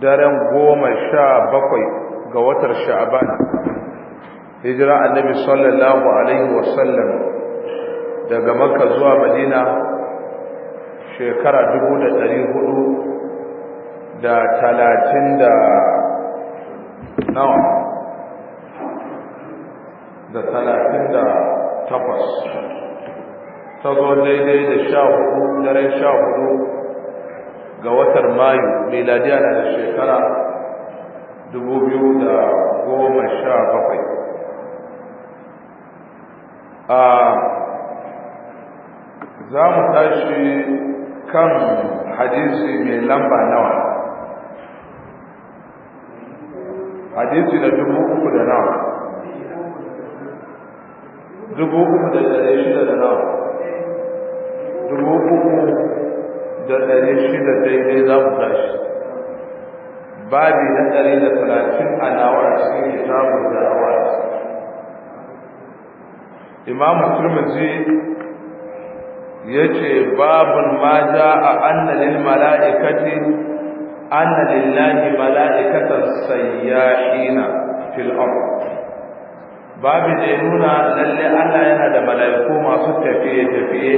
daren goma sha bakwai ga watar sha'aban hijira annabi sallallahu alaihi wasallam daga makka zuwa madina shekara dubu da dari hudu da talatin da nawa da talatin da takwas ta zo daidai da sha hudu daren sha hudu ga watan mayu meladiya na da shekara 2017 a za mu tashi kan hadisi mai lamba nawa hadisi na dubu uku da nawa dubu uku da shida da nawa dubu uku da ɗari shida daidai za mu tashi babi na ɗari da talatin a nawar cikin kitabun da awar imam turmizi ya ce babun ma ja a annalin mala'ikati annalin lahi mala'ikatar sayyahina fil'amur babin da ya nuna lalle Allah yana da mala'iku masu tafiye-tafiye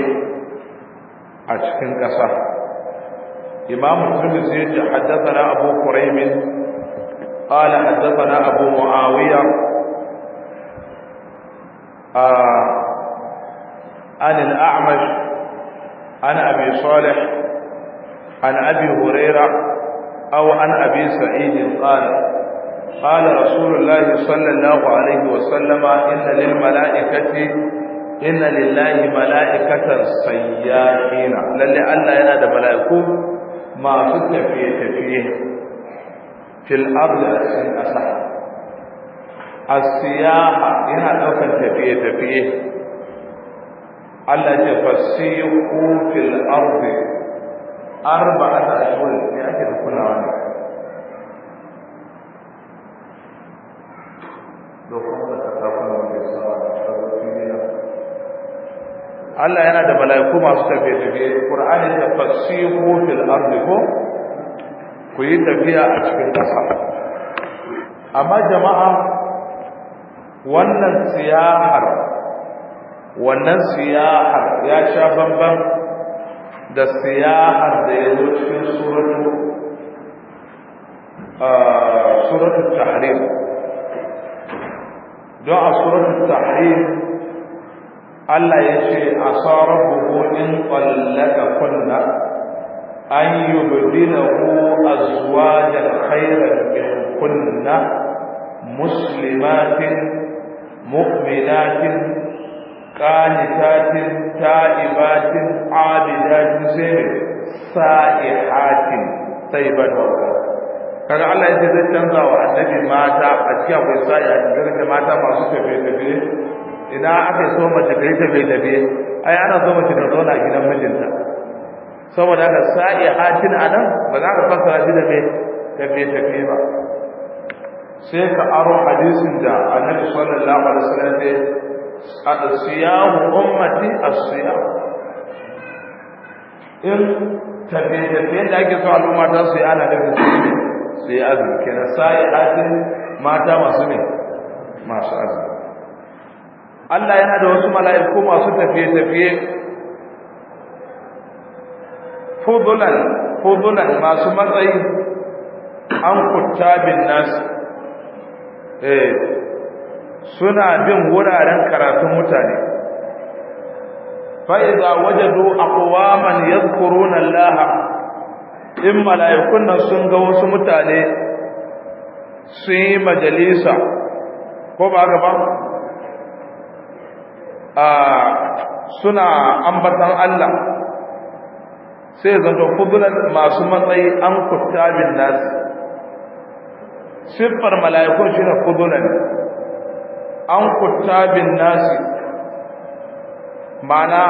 a cikin ƙasa إمام الترمذي حدثنا أبو كريم قال حدثنا أبو معاوية آه عن الأعمش عن أبي صالح عن أبي هريرة أو عن أبي سعيد قال قال رسول الله صلى الله عليه وسلم إن للملائكة إن لله ملائكة سيئين للي ألا ينادى ملائكه ما في التفية فيه في الأرض أسن أسح السياحة هنا أوفى التفية فيه على تفسيق في الأرض أربعة أشهر لأجل كل عام دخول Allah yana da mala'iku masu tafiye tafiye Qur'ani da fasihu fil ardi ko ku yi tafiya a cikin ƙasa amma jama'a wannan siyahar wannan siyahar ya sha bambam, da siyahar da ya zo cikin suratu don a suratu tahrim Allah ya ce a sauran buhunin ƙwallaka kunna an yi bubina ku a zuwa da khairar kunna muslimatin mu'minatin ƙanitatin ta'ibatin abidatin sai sa'ihatin sai ban kaga Allah ya ce zai canza wa annabi mata a cikin akwai sa'ihatin da mata masu tafiye-tafiye idan aka so mace kai ta tafe tabe ai ana so mace ta zauna a gidan mijinta saboda haka sa'i hatin anan ba za ka fasa shi da me ta tafe tabe ba sai ka aro hadisin da annabi sallallahu alaihi wasallam ya asiyahu ummati asiyah in tabe da ake so al'umma ta su yi ana da su yi azumi kenan sa'i hatin mata masu ne masu azumi Allah yana da wasu mala'iku masu tafiye-tafiye fudulan fudulan masu matsayi an bin nasu eh, suna bin wuraren karatun mutane a kowa man aqwaman korona laha in mala'ikun nan sun ga wasu mutane sun yi majalisa ko ba ga ba suna ambatan Allah sai zanto fudulan masu matsayi an kuttabin nasu siffar mala'ikun shi ne fudulan an kuttabin nasu mana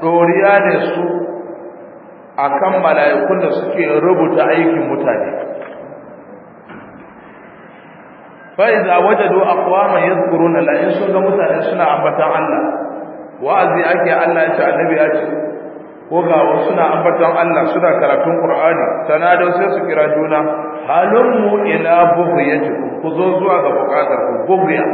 ɗoriya ne su akan mala'ikun da suke rubuta aikin mutane fa idza wajadu aqwaman yadhkuruna la in sun ga mutane suna ambatan Allah wa'azi ake Allah ya ce annabi ya ce ko ga suna ambatan Allah suna karatun Qur'ani sanado sai su kira juna halummu ila bughyatikum ku zo zuwa ga bukatar ku bughya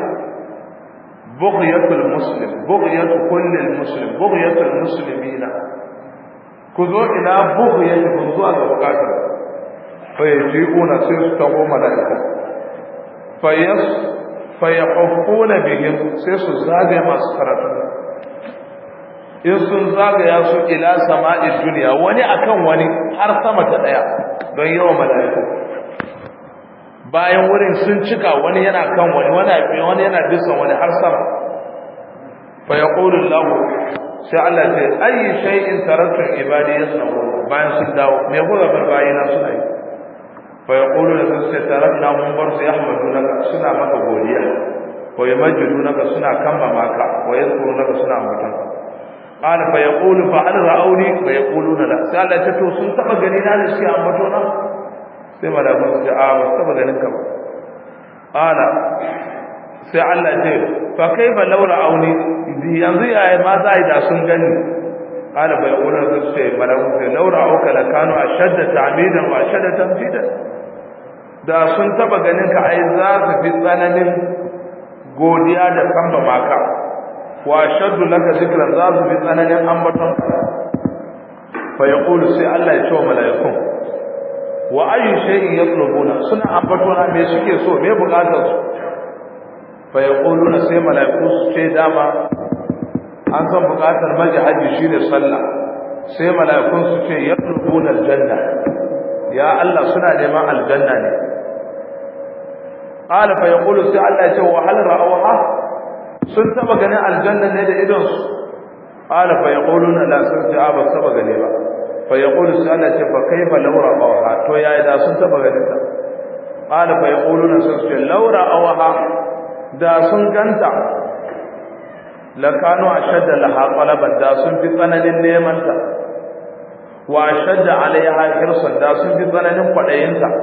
bughyatul muslim bughyatu kulli muslim bughyatul muslimina ku zo ila ku zuwa ga bukatar fa yaji'una sai su tago mala'iku fayaƙofuna bihim sai su zagaya masu karatu in sun zagaya su ila sama'i duniya wani akan wani har sama ta ɗaya don yawan mala'iku bayan wurin sun cika wani yana kan wani wani yana bisan wani har sama fayaƙulun lahu sai Allah ce ayi shay'in taratun ibadi yasnahu bayan sun dawo me kuka bar bayina suna yi fa yaqulu la tastatarna mun bar su yahmadunaka suna maka godiya wa yamajidunaka suna kamba maka wa yadhkurunaka suna ambatan qala fa yaqulu fa hal ra'awni fa yaquluna sai Allah ta to sun taba gani da shi ambato na sai malakun su a ba taba ganin ka ba qala sai Allah ce fa kaifa law ra'awni yanzu yaya ma za a yi da sun gani قال بيقول لك الشيء ملهم لو رأوك لكانوا أشد تعبيدا وأشد تنفيدا da sun taba ganin ka ai za su fi tsananin godiya da samba maka wa shaddu laka zikran za su fi tsananin ambaton ka fa yaqulu sai Allah ya ce wa mala'ikun wa ayu shay'in yatlubuna suna ambatona me suke so me bukatar su fa yaquluna sai mala'iku su ce dama an san buƙatar maji hajji shi ne sallah sai mala'ikun su ce ya rubuna aljanna ya Allah suna neman aljanna ne qala fa yaqulu sai Allah ya ce wa hal ra'awha sun taba ganin aljanna ne da idon su qala fa yaquluna la sun ce ba taba gane ba fa yaqulu sai Allah ya ce fa kaifa law ra'awha to yayi da sun taba ganin ta qala fa yaquluna sun ce law ra'awha da sun ganta lakanu ashadda laha talaban da sun fi tsananin neman ta wa ashadda alaiha hirsan da sun fi tsananin kwaɗayinta. ta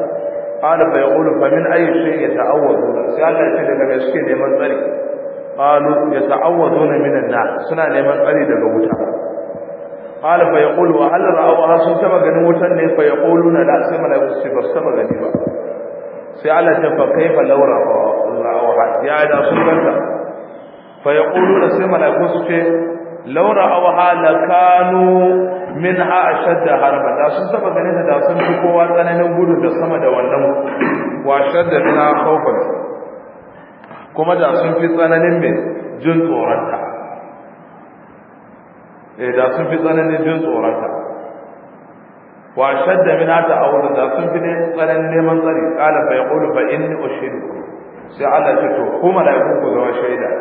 qala fa yaqulu fa min ayyi shay'in yata'awwaduna sai Allah ya daga me suke neman tsari qalu yata'awwaduna minan nar suna neman tsari daga wuta qala fa yaqulu wa hal ra'awha sun taɓa ganin wutan ne fa yaquluna la sai malaiku su ba su taɓa gani ba sai Allah ta fa kaifa law ra'awha ya da sun ganta fa yaquluna sai malaiku su ce laura min halakanu minha ashadda harba da sun saba ganin da sun fi kowa tsananin gudu da sama da wannan wa ashadda minha khawfan kuma da sun fi tsananin mai jin tsoronta eh da sun fi tsananin jin tsoronta wa ashadda ta ta'awuda da sun fi tsananin neman tsari bai fa ba in ni ushidu sai Allah ce to kuma da ku zama shaida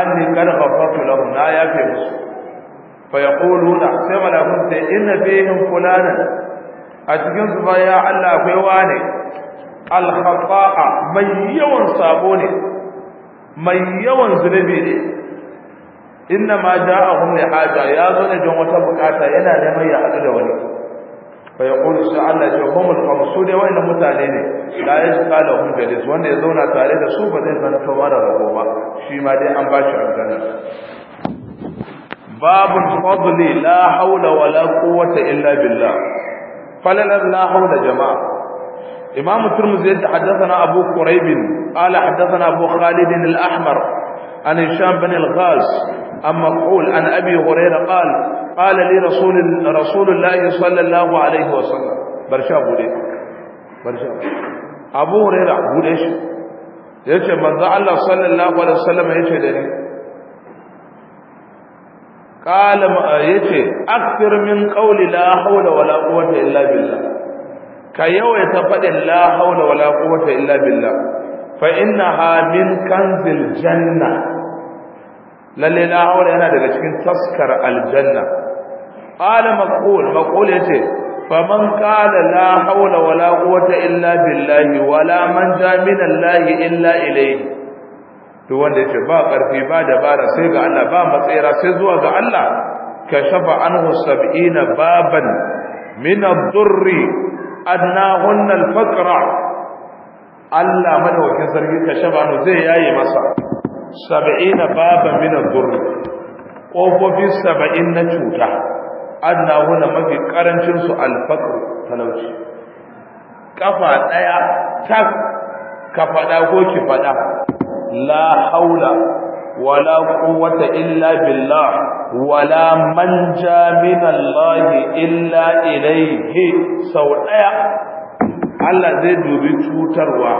anni qad lahum na yafe musu fa yaquluna sai malakun sai inna bihim fulana a cikin su ya Allah akwai wane al mai yawan sabo ne mai yawan zunubi ne inna ma ja'ahum li haja ya zo ne don wata bukata yana neman ya hadu da wani fa yaqulu sai Allah ya hum Su qamsu dai wa'inna mutane ne la yasqa da jalis wanda ya zauna tare da su ba zai zana to mara rabo ba shi ma dai an ba bashi aljanna babu fadli la hawla wala quwwata illa billah falalan la hawla jama'a Imam إمام الترمذي حدثنا أبو قريب قال Abu أبو al الأحمر عن هشام بن الغاز عن مقعول عن أبي هريرة قال قال لي رسول, رسول الله صلى الله عليه وسلم برشا بولي برشا أبو هريرة بوليش يجي من ذا الله صلى الله عليه وسلم يجي دني قال يجي أكثر من قول لا حول ولا قوة إلا بالله كيويت فدن لا حول ولا قوة إلا بالله فإنها من كنز الجنة lalle na haura yana daga cikin taskar aljanna qala maqul maqul yace faman qala la haula wala quwwata illa billahi wala man ja min allahi illa ilayhi to wanda yace ba karfi ba dabara sai ga Allah ba matsayira sai zuwa ga Allah kashafa anhu 70 baban min ad-durri adnahunna al-faqra Allah madawakin sarki kashafa anhu zai yaye masa sab'ina baba min ad-durr kofofi saba'in na cuta anna huna mafi karancin su al-faqr Ƙafa ɗaya daya tak ka fada ko ki faɗa. la haula wala quwwata illa billah wala manja min Allah illa ilayhi sau ɗaya. Allah zai dubi cutarwa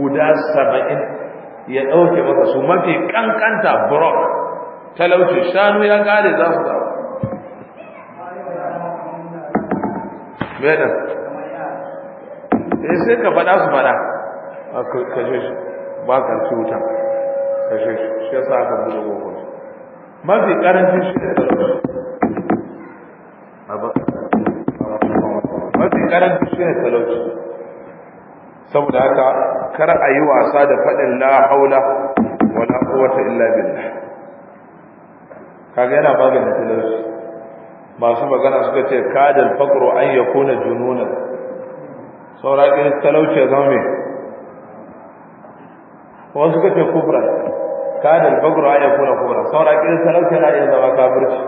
guda saba'in ya dauke masa su mafi kankanta brok talauci shanu ya kare za su dawo benin eh sai ka faɗa su faɗa a kashe shi ba ka ci wuta kashe shi shi sa aka buɗe gogon mafi ƙarancin shi ne talauci mafi ƙarancin shi ne talauci saboda haka kar a yi wasa da faɗin la haula wa la quwwata illa billah kaga yana maganin talauci masu magana suka ce kadal faqru an yakuna jununan saura kin talauci zama me ko suka ce kubra kadal faqru an yakuna kubra saura kin talauci na iya zama kafirci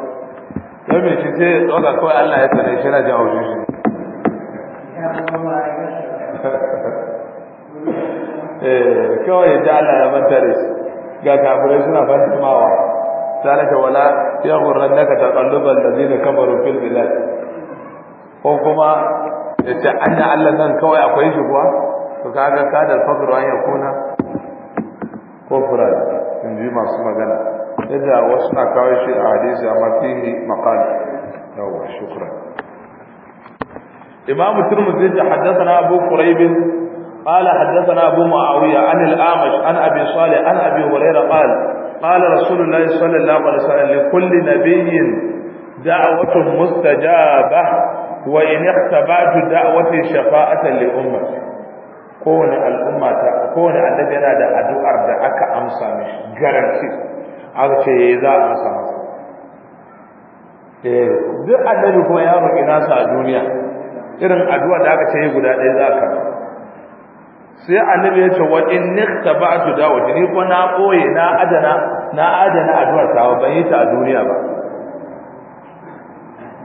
don me shi sai tsoka tsora kawai Allah ya tsare shi na jawo shi eh kawai ya Allah ya manta da shi ga kafirai suna fantimawa zalika wala yaghurrannaka da zina kafaru fil bilad ko kuma yace anna Allah nan kawai akwai shi kuwa to kaga kadal fakru an yakuna kufra inji masu magana yadda wasu na kawo shi a hadisi amma fihi maqal yawa shukran imamu turmuzi da haddathana abu quraib قال حدثنا أبو معاوية عن الأعمش عن أبي صالح عن أبي هريرة قال قال رسول الله صلى الله عليه وسلم لكل نبي دعوة مستجابة وإن اختبأت دعوتي شفاعة لأمتي كون الأمة كون النبي نادى أدعر دعك أمسى مش جرنسي aka ce ya yi za a masa masa duk annabi kuma ya roƙi nasa a duniya irin addu'a da aka ce guda ɗaya za ka sai annabi ya ce wa in nikhtaba'tu dawati ni ko na koye na adana na adana addu'ar ta ban yi ta a duniya ba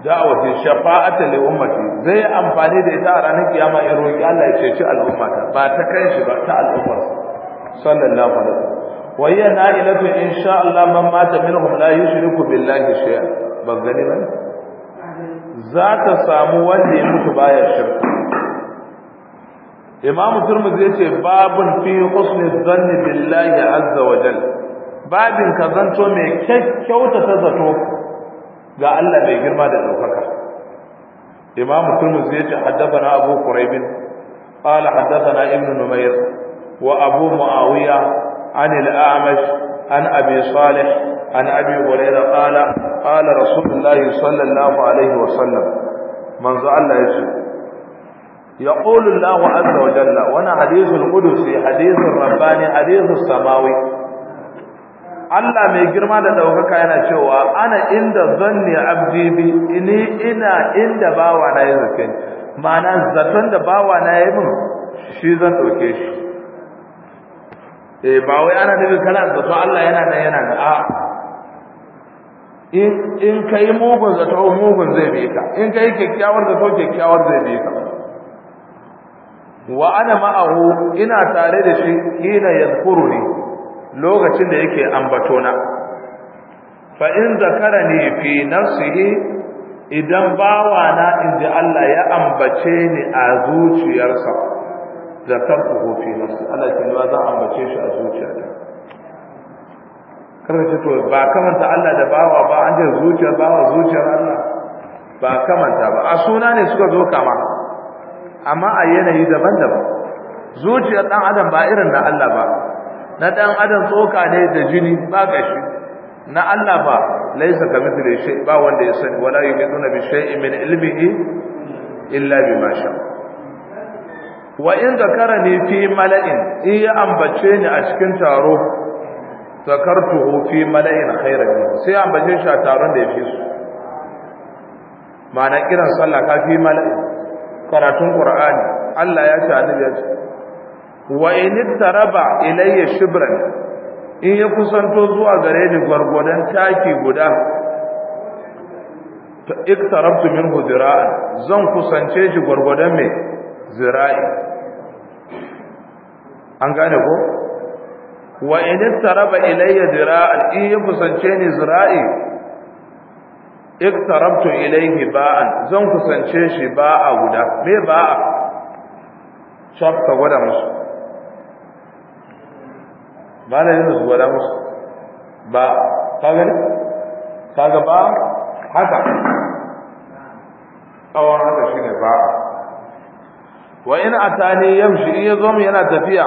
da'awati shafa'ata li ummati zai amfani da ita a ranar kiyama ya roki Allah ya ceci al'ummata ba ta kai shi ba ta al'ummar sallallahu alaihi wasallam wa hiya na'ilatu insha Allah man mata minhum la yushriku billahi shay'a ba gani ba za ta samu wanda ya mutu baya shirka imam turmuzi yace babun fi husni zanni billahi azza wa jal babin ka zanto mai kyakkyauta ta zato ga Allah mai girma da daukaka imam turmuzi yace haddathana abu quraib قال حدثنا ابن نمير وابو معاويه عن الاعمش عن ابي صالح عن ابي هريره قال قال رسول الله صلى الله عليه وسلم من زعل يسوع يقول الله عز وجل وانا حديث القدس حديث الرباني حديث السماوي Allah mai girma da daukaka yana cewa ana inda zanni abdi bi ini ina inda bawa na ya zake ma'ana zaton da bawa na ya yi min shi zan dauke shi eh ba wai ana nabi kana zato Allah yana nan yana nan a in in kai mugun zato mugun zai bi ka in kai kyakkyawar zato kyakkyawar zai bi ka wa ana ma'ahu ina tare da shi hina ne lokacin da yake ambato na fa in zakarani fi nafsihi idan bawa na inda Allah ya ambace ni a zuciyarsa zakartuhu fi nafsi Allah ke ma zan ambace shi a zuciyarsa ka ce to ba kamanta Allah da bawa ba an ce zuciyar bawa zuciyar Allah ba kamanta ba a suna ne suka zo kama amma a yanayi daban-daban zuciyar dan adam ba irin na Allah ba na dan adam tsoka ne da jini ba gashi na Allah ba laisa kamithli shay ba wanda ya sani wala yuqiduna bi shay'in min ilmihi illa bima sha wa in ni fi mala'in in ya ambace ni a cikin taro zakartuhu fi mala'in khairan sai ambace shi a taron da yafi su ma'ana kiran sallah ka fi mala'in karatun qur'ani Allah ya ce annabi ya ce wa in taraba ilayya shibran in ya kusanto zuwa gare ni gwargwadon taki guda iktarabtu minhu zira'an zan kusance shi gwargwadon me zira'i an gane ko wa in taraba ilayya zira'an in ya kusance ni zira'i iqtarabtu ilayhi ba'an zan kusance shi ba'a guda me ba'a shaf gwada musu bala yin su gwada musu ba ka gani kaga ba haka tsawon haka shine ba wa in atani yamshi in yazo mu yana tafiya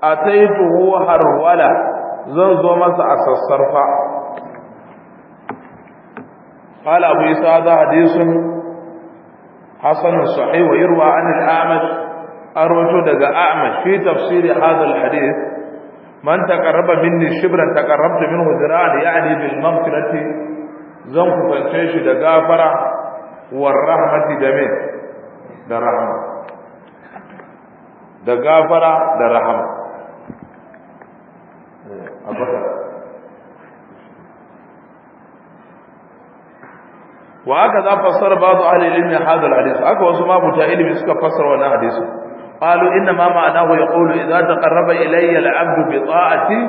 ataituhu harwala zan zo masa a sassarfa قال أبو يسا هذا حديث حسن صحيح ويروى عن الأعمش أروج دقى أعمش في تفسير هذا الحديث من تقرب مني شبرا تقربت منه ذراعا يعني بالمغفرة زنك فانتيش دقافرة والرحمة جميل درحمة دقافرة درحمة gafara wa haka za fassara ba su ilmi ilimin hadu al'adisu. haka wasu mabuta ilimi suka fassara wani hadisu. qalu inna ma ma'anahu yaqulu idza taqarraba ilayya al-'abdu bi ta'ati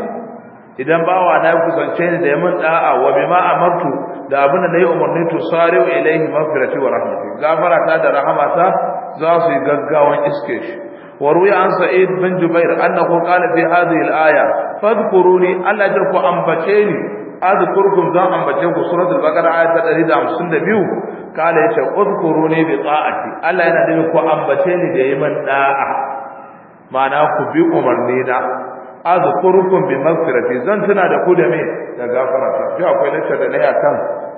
idan bawa na kusance ni da yamin da'a wa bima amartu da abin da nayi umarni to sari'u ilayhi maghfirati wa rahmati gafara ta da rahamata za su yi gaggawan iske shi وروي عن سعيد بن جبير أنه قال في هذه الآية فاذكروني ألا جركو أنبتيني أذكركم ذا أنبتيكم سورة البقرة آية عن سنة بيو قال يشعر اذكروني بطاعتي ألا ينادمكو أنبتيني دائما داعا معناه كبي أمرنينا azkurukum bi maghfirati zan tuna da ku da me da gafara ta ji akwai lecture da nayi akan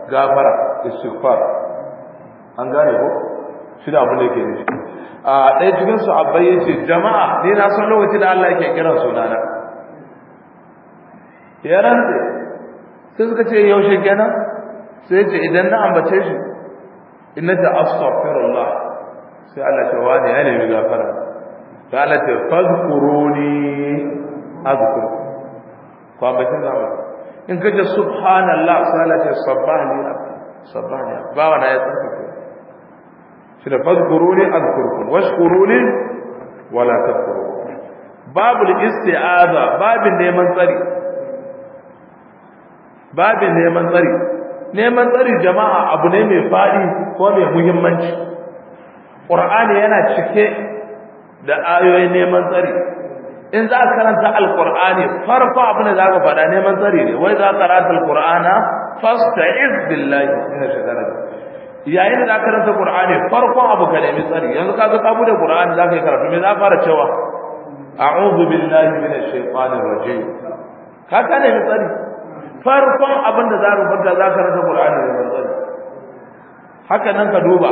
gafara istighfar an a ɗaya cikin su abbai ya ce jama'a ne na san lokaci da Allah yake kiran sunana ya rantse sai suka ce yaushe kenan sai ya ce idan na ambace shi inna ta astaghfirullah sai Allah ce wani ya nemi gafara sai Allah ce fadkuruni azkur ko ambace da Allah in kace subhanallah sai Allah ce sabbani sabbani ba wani ya tsaka shine fadkuruni azkurkum washkuruni wala takfurun babul isti'aza babin neman tsari babin neman tsari neman tsari jama'a abu ne mai fadi ko mai muhimmanci qur'ani yana cike da ayoyin neman tsari in za ka karanta alqur'ani farko abin da za ka faɗa neman tsari ne wai za ka karanta alqur'ana fasta'iz billahi ina shagara yayin da zaka rasa qur'ani farkon abu ka nemi tsari yanzu kaga ka bude qur'ani zaka yi karatu me za fara cewa a'udhu billahi minash shaitanir rajim ka ka nemi tsari farkon abin da za rubuta zaka rasa qur'ani da tsari haka nan ka duba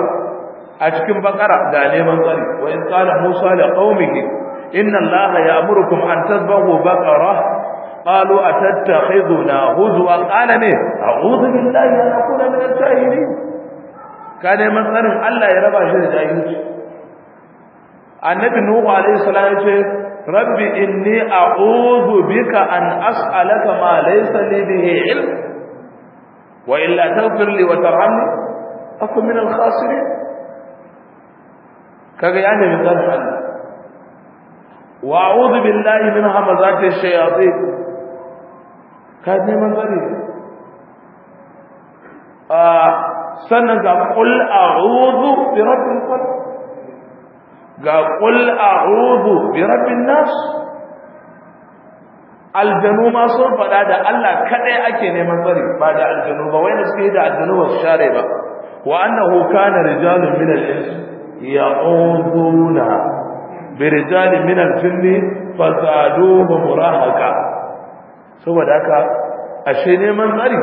a cikin bakara ga neman tsari wa in qala musa li qaumihi inna allaha ya'murukum an tadbahu baqara قالوا أتتخذنا هزوا قال من أعوذ بالله أن أكون من الجاهلين ka neman tsarin Allah ya raba shi da jahilci annabi nuhu alaihi salam ya ce rabbi inni a'udhu bika an as'alaka ma laysa li bihi ilm wa illa taghfir li wa tarhamni akun min al-khasirin kaga ya nemi tsarin Allah wa a'udhu billahi min hamazati ash-shayatin ka neman tsari a sannan ga qul a'udhu bi rabbil falaq ga qul a'udhu bi rabbin nas aljanu ma sun faɗa da Allah kadai ake neman tsari ba da aljanu ba wai da suke da aljanu ba su share ba wa annahu kana rijalun min al-ins ya'uduna bi rijalin min al-jinni fazaduhum rahaqa saboda haka ashe neman tsari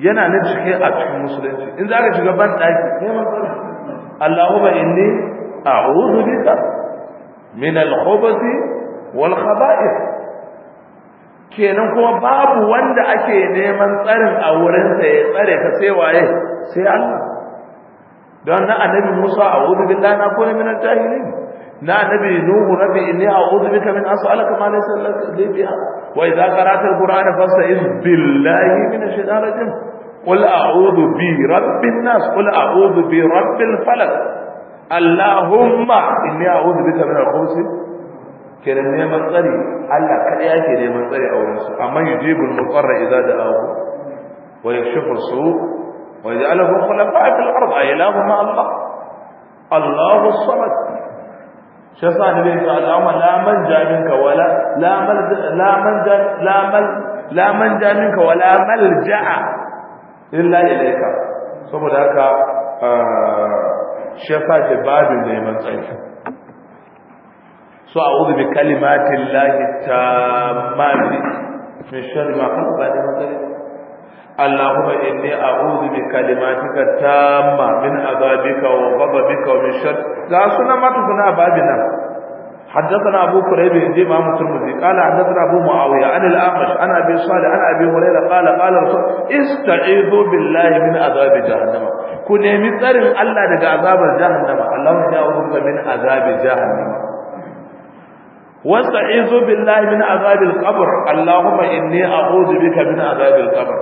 yana na cike a cikin musulunci in za ka shiga ban ɗaki ne matsala Allahumma inni a'udhu bika min al-khubuthi wal khaba'ith kenan kuma babu wanda ake neman tsarin a wurin sa ya tsare ka sai waye sai Allah don na annabi Musa a'udhu billahi na kuma min al-jahilin لا نبي نوح ربي إني أعوذ بك من أسألك ما ليس لك ليبيا وإذا قرأت القرآن فاستعذ بالله من الشيطان الرجيم قل أعوذ برب الناس قل أعوذ برب الفلك اللهم إني أعوذ بك من الخبز كلمة من قري ألا كلمة كلمة من قري أو نسو أما يجيب المقر إذا دعاه ويكشف السوء وإذا له خلفاء في الأرض أي لا هم الله الله الصمد shi yasa da bai tsara la man jamin ka wala la man la man la man la man jamin ka wala malja'a illa ilayka saboda haka ah, shi yasa ke babin neman tsanki so a'udhu bi kalimatin tammati min sharri ma khalaq اللهم إني أعوذ بكلماتك التامة من عذابك وغضبك ومن شر لا سنة ما تكون بابنا حدثنا أبو كريب دي إمام الترمذي قال حدثنا أبو معاوية عن الأعمش عن أبي صالح عن أبي هريرة قال قال رسول استعيذوا بالله من عذاب جهنم ku nemi tsarin Allah daga azabar jahannama Allahumma ya ubuka min azabi jahannama wasta'izu billahi min azabil qabr Allahumma inni a'udhu bika min azabil qabr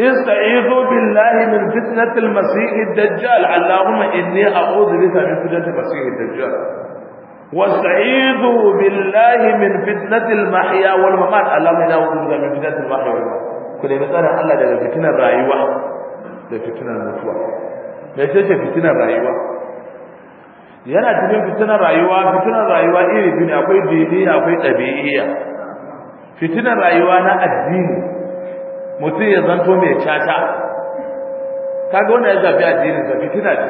استعيذوا بالله من فتنة المسيح الدجال اللهم إني أعوذ بك من فتنة المسيح الدجال واستعيذوا بالله من فتنة المحيا والممات اللهم إني أعوذ بك من فتنة المحيا والممات كل مثلا الله ده فتنة رايوة ده فتنة المتوى ما يتجه فتنة رايوة yana cikin fitinar rayuwa fitinar rayuwa iri biyu akwai dini akwai ɗabi'iyya fitinar rayuwa na addini mutum ya zanto mai caca ga wanda ya zafi addinin sa fitina ce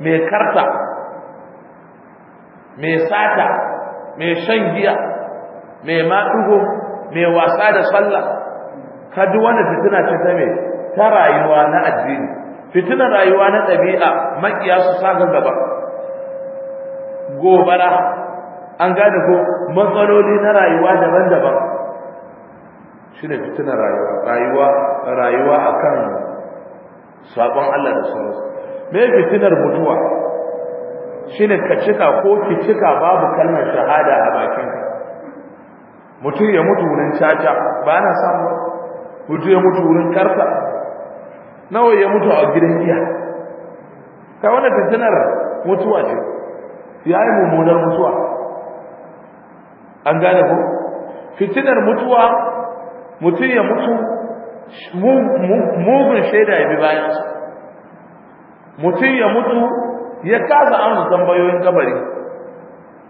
mai karta mai sata mai shan giya mai matugo mai wasa da tsalla. kaji wannan fitina ce ta mai ta rayuwa na addini fitinar rayuwa na ɗabi'a makiya su sa gaba gobara an gane ko matsaloli na rayuwa daban-daban shi ne fitinar rayuwa rayuwa rayuwa akan sabon Allah da sauransu me fitinar mutuwa shi ne ka cika ko ki cika babu kalmar shahada a bakinka mutum ya mutu wurin caca ba na samu mutum ya mutu wurin karta nawa ya mutu a gidan giya ka wannan fitinar mutuwa ce ya yi mummunar mutuwa an gane ku fitinar mutuwa mutum ya mutu mugun shaida ya bi su mutum ya mutu ya kaza an tambayoyin kabari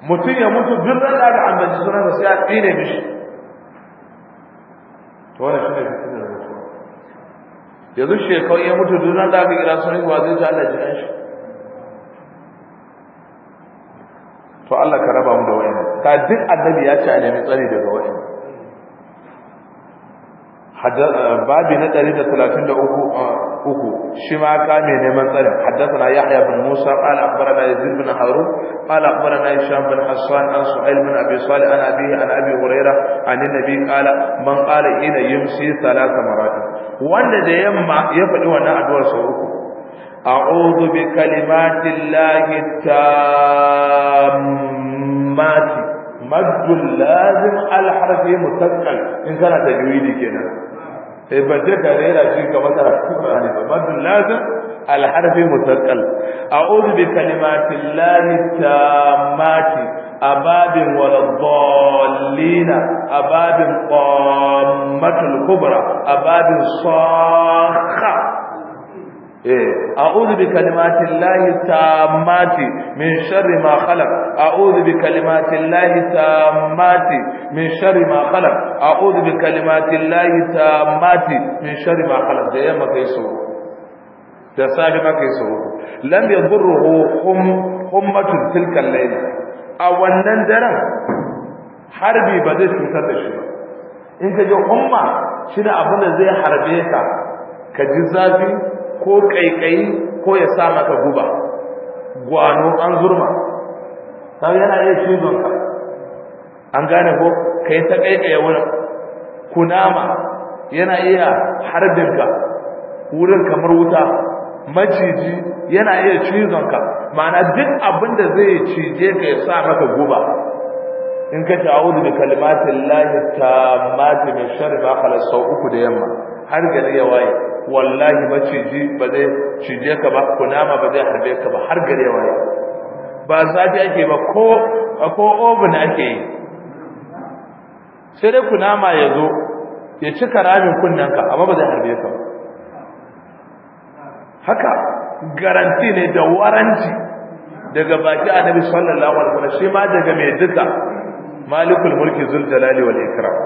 mutum ya mutu duk ran da an bace da sai a tsine mishi to wannan shine bikin da mutu yanzu shekau ya mutu duk ran da aka sun yi wa zai ji Allah jiran shi to Allah ka raba mu da wani, ka duk annabi ya ce a nemi tsari daga wani. Eh, babi na 133 eh, shi ma ka mai neman tsare haddathana yahya bin musa qala akhbarana yazid bin harun qala akhbarana hisham bin hasan an su'ail bin abi salih an abihi an abi hurayra an annabi qala man qala ina yumsi salasa marat wanda da yamma ya faɗi wannan addu'ar sau uku a'udhu bi kalimati llahi tammati maddul lazim al harfi mutaqqal in kana tajwidi kenan بدك غير شيء كما تعرفون مد على حرف مثقل اعوذ بكلمات الله التامات أباب ولا الضالين أباب قامة الكبرى أباب صاخة أعوذ بكلمات الله التامات من شر ما خلق أعوذ بكلمات الله التامات من شر ما خلق أعوذ بكلمات الله التامات من شر ما خلق ده يما كيسو ده سابي ما كيسو لم يضره هم هم تلك الليلة أو أنن حربي بدأت تتشي إنك جو هم شنو أبونا زي حربيتا كجزافي ko ƙaiƙayi ko ya sa maka guba gwano an zurma sau yana iya cizon an gane ko ka yi ta ƙaiƙaya wurin kunama yana iya harbinka wurin kamar wuta maciji yana iya cizon ka ma'ana duk abinda da zai cije ka ya sa maka guba in ka ta'awudu bi kalimatin lahi ta min sharri ma khalaq uku da yamma har gani ya waye wallahi maciji ba zai cije ka ba kunama ba zai harbe ka ba har gare waye ba zafi ake ba ko ko oven ake yi sai dai kunama ya zo ya cika ramin kunnen ka amma ba zai harbe ka ba haka garanti ne da waranci daga baki annabi sallallahu alaihi wasallam shi ma daga mai duka malikul mulki zul jalali wal ikram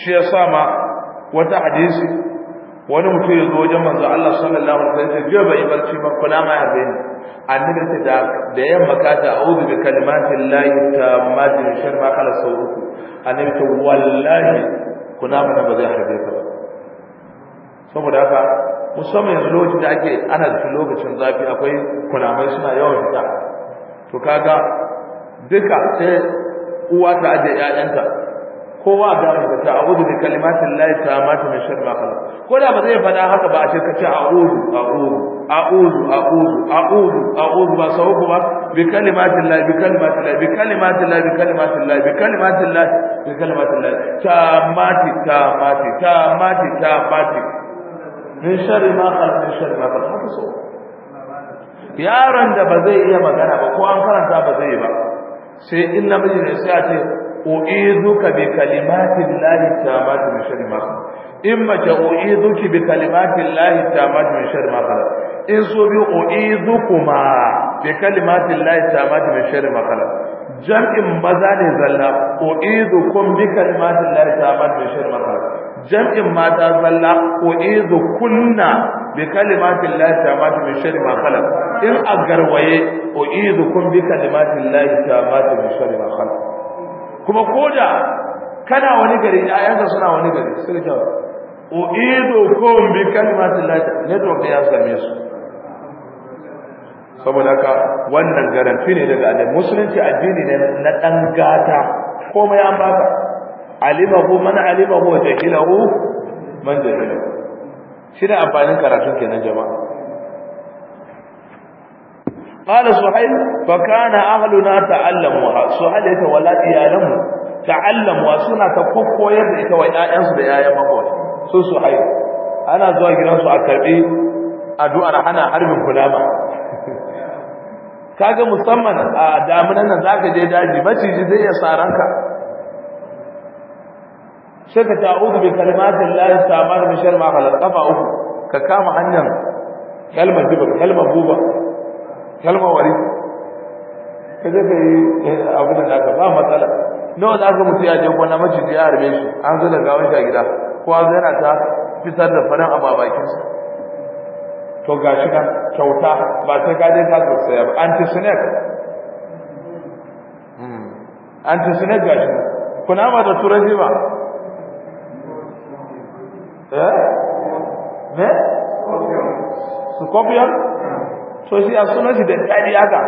shi yasa ma wata hadisi wani mutum ya zo wajen manzo Allah sallallahu alaihi wasallam ya bai barci ba kula ma ya bayyana annabi ta da da yamma makata a'udhu bi kalimatin lahi tammatin shar ma kala sauku annabi ta wallahi kuna mana ba zai harbe ka ba saboda haka musamman yanzu lokacin da ake ana da lokacin zafi akwai kunamai suna yawan fita to kaga duka sai uwa ta aje 'ya'yanta. kowa ga mu ta a'udhu bi kalimatin lahi tamati min sharri ma khalaq ko da ba zai fada haka ba a ce ka ce a'udhu a'udhu a'udhu a'udhu a'udhu a'udhu ba sau ba bi kalimatin lahi bi kalimatin lahi bi kalimatin lahi bi kalimatin lahi bi kalimatin lahi bi kalimatin lahi tamati tamati tamati tamati min sharri ma khalaq min sharri ma khalaq haka so yaron da ba zai iya magana ba ko an karanta ba zai ba sai in namiji sai a ce O'izu bi kalimatin layi ta matu me ma kala. In mace o'izu ki bi kalimatin layi ta matu me ma kala. In so bi o'izu bi kalimatin layi ta matu me ma kala. Jam'in maza ne zalla o'izu bi kalimatin layi ta matu me ma kala. Jam'in mata zalla o'izu kunna bi kalimatin layi ta matu me ma kala. In a garwaye o'izu bi kalimatin layi ta matu me ma kala. kuma koda kana wani gari ayanka suna wani gari sai ka uidukum bi kalimati llahi network ya same su saboda ka wannan garanti ne daga addini musulunci addini ne na dan gata komai an baka alimahu man alimahu wa jahilahu man jahilahu shi da amfanin karatun kenan jama'a qala suhayl fa kana ahluna ta'allamuha suhayl ita wala iyalanmu ta'allamuha suna ta kokkoyar da ita wa ƴaƴansu da ƴaƴan makwabta su suhayl ana zuwa gidansu a karbi addu'ar hana harbin kulama kaga musamman a damunan nan zaka je daji maciji zai iya saranka sai ka ta'udu bi kalimatin la yastamaru bi sharma halal qafa uku ka kama hanyar kalmar duba kalmar buba kalmawari wari ka je ka yi eh, abin da naka ba matsala nawa da aka mutu ya je gona maciji ya harbe shi an zo da gawar shi a gida ko an yana ta fitar da farin abu a sa to ga shi kyauta ba sai ka je ka saya ba anti-snack hmm. anti-snack ga shi kuna ma da turanci ba eh ne scorpion so shi a sunan shi da daɗi haka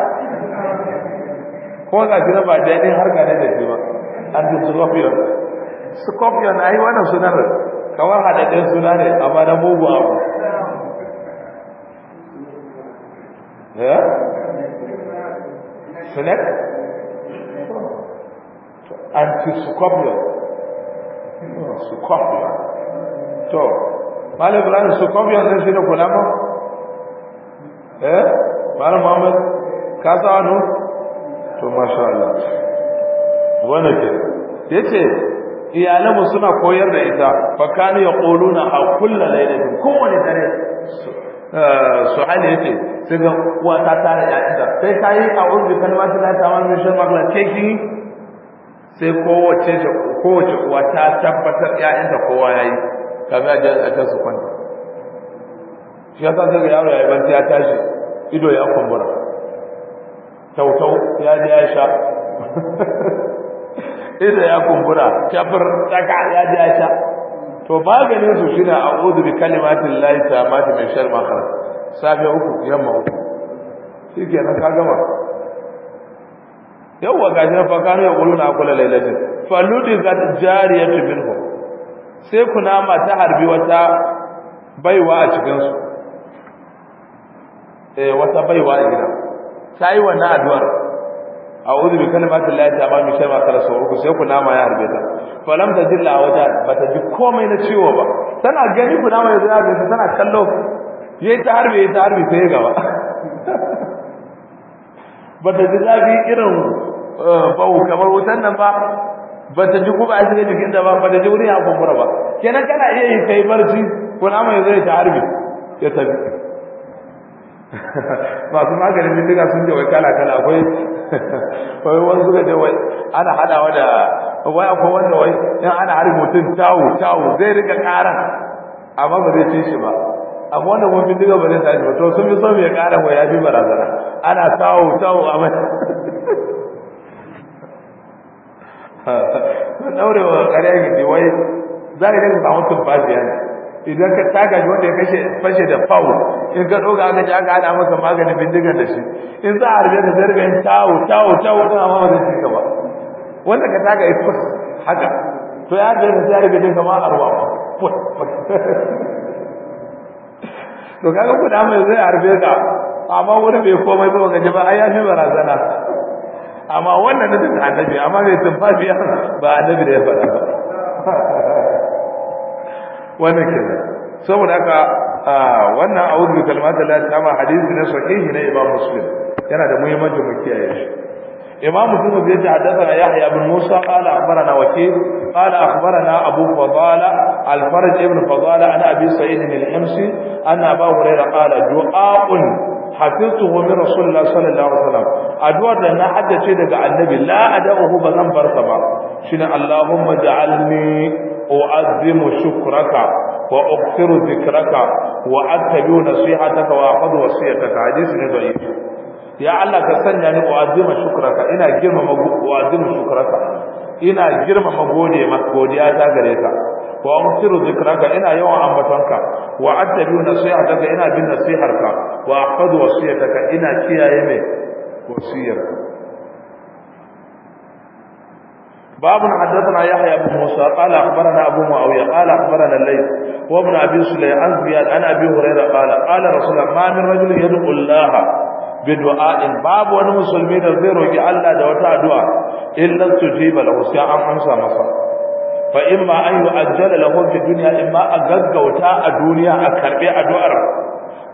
kuma ga shi na ba daɗi har ga ne da shi ba anti scorpion scorpion ai wannan sunan kawar haɗaɗɗen suna ne amma na mugu abu ya eh? snake anti scorpion scorpion to malam ibrahim scorpion ɗin shi ne kula ba eh malam muhammad ka sa to masha Allah wannan ke yace iyalanmu suna koyar da ita fa kanu yaquluna a kullu laylatin kowane dare eh, hali yace sai ga uwa ta tare da ita sai ta yi a urbi kalmatu la ta wani shi magana sai sai kowace kowace uwa ta tabbatar ƴaƴanta kowa yayi kamar da ta su kwanta shi ya sai ga yaro ya ban ta tashi ido ya kumbura tautau ya ji ya sha ido ya kumbura shafir tsaka ya ji ya sha to maganin su shine a'udhu bi kalimatin lahi tamati min sharri ma khalaq safiya uku yamma uku nan ka gama yawwa gashi fa kanu na aqula lailatin faludi zat jariyatu minhum sai kunama ta harbi wata baiwa a cikin su Eh, wata baiwa a gida ta yi wannan addu'ar a uzu bi kalimatin lahi ta ba mi shai masu rasu uku sai ku nama ya harbe ta falam ta jilla a wajen ba ta ji komai na ciwo ba tana gani ku nama ya zo ya harbe ta tana kallo ya ta harbe ya ta harbe sai gaba ba ta ji zafi irin eh, bau kamar wutan nan ba ba ta ji kuma a cikin jikin da ba ba ta ji wuri ya kumbura ba kenan kana iya yi kai barci Ku nama ya zo ya ta harbe ya tafi masu maganin bindiga sun ce wai kala kala akwai wai wani suka ce wai ana hadawa da wai akwai wanda wai in ana hari mutum tawo tawo zai rika karan amma ba zai ci shi ba amma wanda kuma bindiga ba zai tashi ba to sun fi son ya kara wai ya fi barazana ana tawo tawo a mai sun daure wa ƙarya gidi wai za ka dinga samun tumfafiya ne idan ka taga shi wanda ya kashe fashe da fawo in ka ɗoga aka ci aka haɗa maka maganin bindigar da shi in za a harbe ka sai in yin tawo tawo tawo ɗin amma ba shi gaba wanda ka taga ya fus haka to ya harbe ka sai harbe ɗin kama arwa ba fus to kaga kuɗa mai zai harbe ka amma wani bai komai ba ga jaba ai ya fi barazana amma wannan da duk annabi amma mai tumfafiya ba annabi da ya faɗa ba wannan kenan saboda haka wannan a'udhu bi kalimati llahi tamma hadisi na sahihi na imam muslim yana da muhimmanci mu kiyaye shi imam muslim ta ce haddathana yahya ibn musa qala akhbarana wakil qala akhbarana abu fadala al-farj ibn fadala an abi sa'id al-himsi ana abu hurairah qala du'a'un hafiztuhu min rasulillah sallallahu alaihi wasallam da na haddace daga annabi la ada'uhu bazan barsa ba shine allahumma ja'alni أعظم شكرك وأكثر ذكرك وأتبع نصيحتك وأخذ وصيتك حديث ضعيف يا الله كسنيا ني أعظم شكرك إنا جرم أعظم شكرك إنا جرم مغودي مغوديا تا غريكا وأكثر ذكرك إنا يوم أمبتنك وأتبع نصيحتك إنا بالنصيحتك وأخذ وصيتك إنا كيا يمي وصيتك باب حدثنا يحيى بن موسى قال اخبرنا ابو معاويه قال اخبرنا الليث هو ابن ابي سليمان عن زياد عن ابي هريره قال قال رسول الله ما من رجل يدعو الله bidu'a'in babu wani musulmi da zai roki Allah da wata addu'a illa tujiba lahu sai an amsa masa fa imma an yu'ajjala lahu fi dunya imma a gaggauta a duniya a karbe addu'ar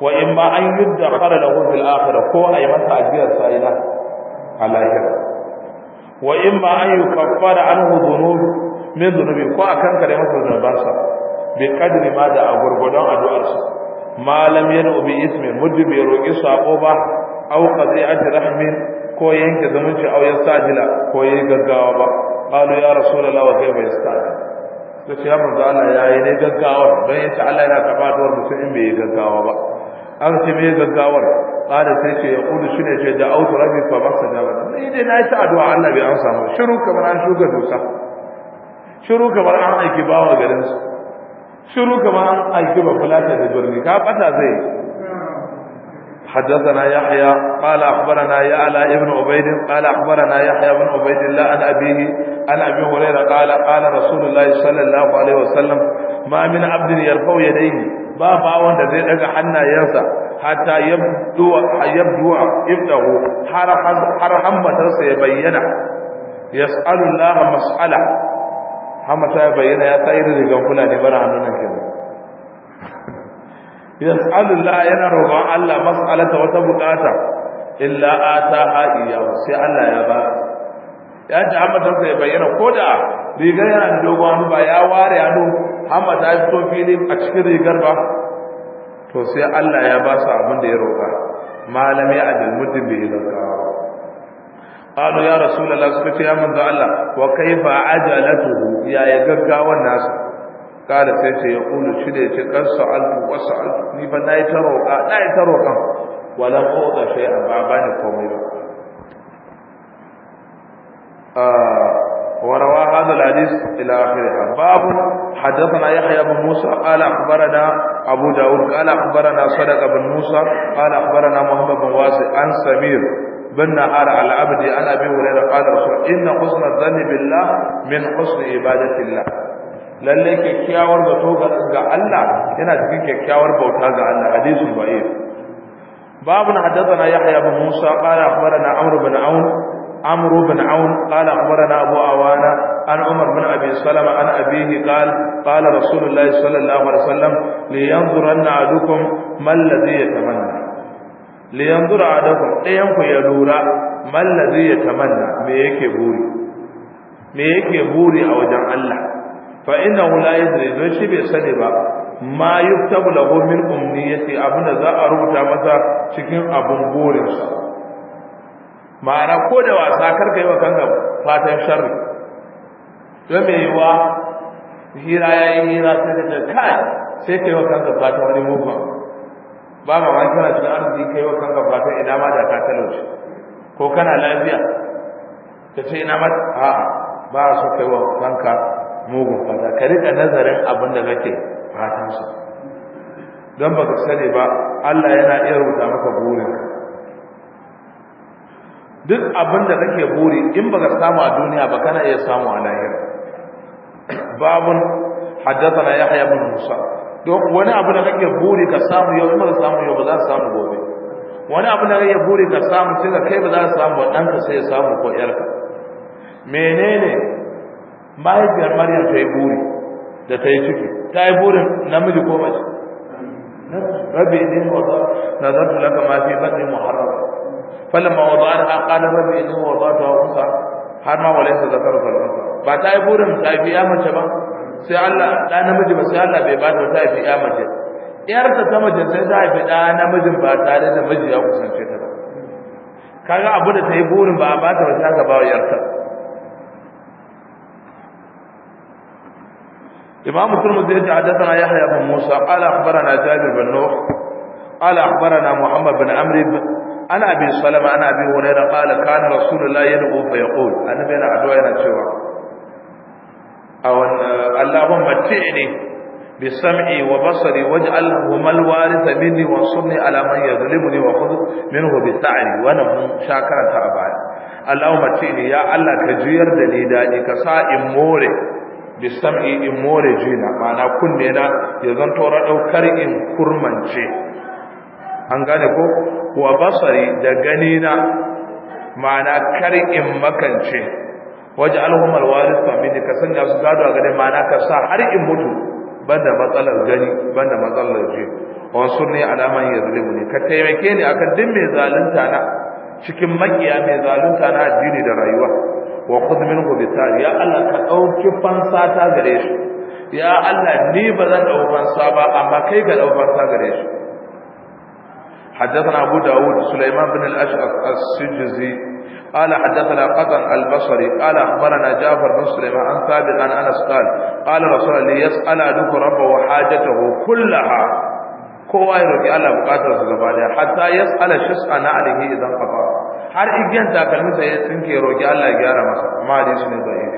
wa imma an yudakhara lahu fil akhirah ko masa ajiyar sa'ila a lahira wa ba an da an dhunub min zunubi? ko a kanka da masa zarbarsa bi qadri ma da a gurgudan addu'arsa ma lam yana Ubi ismi muddi bai roƙi sako ba aw ajiye ajrahmin ko yanke zumunci aw yastajila ko yi gaggawa ba qalu ya rasulullah wa kayfa yastajil to ya manzo Allah yayi ne gaggawa Don yace Allah yana kafa mutum in bai gaggawa ba An ce me gaggawar kada sai ce ya kudu shine ce da auto rabbi fa ba sajaba ni dai na yi ta addu'a Allah bai amsa mu shiru kamar an shuka dusa shiru kamar an aiki bawa garin su shiru kamar an aiki ba fulata da birni ka bata zai حدثنا يحيى قال اخبرنا يعلى ابن عبيد قال اخبرنا يحيى بن عبيد الله عن ابيه عن ابي هريره قال قال رسول الله صلى الله عليه وسلم ما من عبد يرفع يديه ba ba wanda zai daga hannayensa hatta yabduwa yabduwa ibdahu har har hammatarsa ya bayyana yas'alu Allah mas'ala hammata ya bayyana ya sa irin rigan kula ne bara hannun ke kenan yas'alu Allah yana roƙon Allah mas'alata wata bukata illa ataha iyahu sai Allah ya ba ya ta hammatarsa ya bayyana koda rigar yana dogon ba ya ware hannu Muhammad ya fito fili a cikin rigar ba to sai Allah ya ba su abin da ya roƙa malami a mutum bai zarkawa qalu ya rasulullah suka ce ya manzo Allah wa kaifa ajalatuhu ya ya gaggawan nasu kada sai ce ya kulu shi da yace kan sa'altu wa sa'altu ni fa nayi ta roƙa nayi ta roƙa wala da shay'an ba bani komai ba ah, وروى هذا الحديث إلى اخره باب حدثنا يحيى بن موسى قال أخبرنا أبو داود قال أخبرنا صدق بن موسى قال أخبرنا محمد بن واسع عن سمير بن نهار على عبد عن أبي هريرة قال رسول إن حسن الظن بالله من حسن عبادة الله lalle kyakkyawar zato ga Allah yana cikin kyakkyawar bauta ga Allah hadisin ba'ir babu na haddathana yahya bin musa qala akhbarana amr bin aun عمرو بن عون قال أخبرنا أبو أوانا عن عمر بن أبي سلمة عن أبيه قال قال رسول الله صلى الله عليه وسلم لينظرن أحدكم ما الذي يتمنى لينظر أحدكم ɗayanku ya lura ما الذي يتمنى me yake buri me yake buri a wajen Allah fa innahu la yadri don shi bai sani ba ma yuktabu lahu min umniyati abinda za a rubuta masa cikin abun burinsa ma'ana ko da wasa karka yi wa kanka fatan sharri don mai yiwa hira ya yi hira sai da ce kai sai ka yi wa kanka fatan wani mugun ba ma wani kana cikin arziki ka yi wa kanka fatan ina ma da ka talauci ko kana lafiya ta ce ina ma a ba su yi wa kanka mugun fata ka rika nazarin abin da kake fatan su don ba ka sani ba Allah yana iya rubuta maka burinka duk abin da kake buri in baka samu a duniya ba kana iya samu a lahira babun haddathana yahya bin musa to wani abu da kake buri ka samu yau in baka samu yau ba za ka samu gobe wani abu da kake buri ka samu sai ka kai ba za ka samu ba dan ka sai ya samu ko yarka menene mahaifiyar maryam ta yi buri da ta yi ciki ta yi burin namiji ko mace rabbi idin wa nazartu laka ma fi batni muharram فلما وضعها قال ربي إني وضعتها أنثى har ma walaysa zakaru kal unsa ba ta yi burin ta haifi ya mace ba sai Allah da namiji ba sai Allah bai ba ta ta haifi ya mace yar ta ta mace sai ta haifi da namijin ba tare da miji ya kusance ta ba kaga abu da ta yi burin ba ba ta ba sai ka ba wa yarta إمام الترمذي يجي حدثنا يحيى بن موسى قال أخبرنا جابر بن نوح قال أخبرنا محمد بن عمرو ana abin salama ana abin hurairah qala kana rasulullah yad'u fa yaqul annabi yana addu'a yana cewa a wannan allahumma ne, bi sam'i wa basari waj'al huma al-waritha minni wa sunni ala man yadhlimuni wa khudh minhu bi ta'ri wa ana mun shakaranta a baya allahumma ne, ya allah ka juyar da ni dadi ka sa in more bi sam'i in more jina mana kunne na ya zanto raɗaukar in kurmance an gane ko wa basari da gani na ma'ana kar in makance waje alhumar waris famini ka sanya su gado a gani ma'ana ka sa har in mutu banda matsalar gani banda matsalar ji wasu ne alaman ya mu ne ka taimake ni akan duk mai zalunta na cikin makiya mai zalunta na addini da rayuwa wa khudh minhu bi ya Allah ka dauki fansa ta gare shi ya Allah ni ba zan dauki fansa ba amma kai ga dauki fansa gare shi حدثنا أبو داود سليمان بن الأشعث السجزي قال حدثنا قطن البصري قال أخبرنا جعفر بن سليمان عن ثابت عن أنس قال قال رسول الله يسأل أدوك ربه وحاجته كلها kowa ya roƙi Allah buƙatar su gaba daya hatta yas'ala shas'a na alihi idan qafa har igiyar takalmin sa ya tsinke roƙi Allah ya masa amma hadisi ne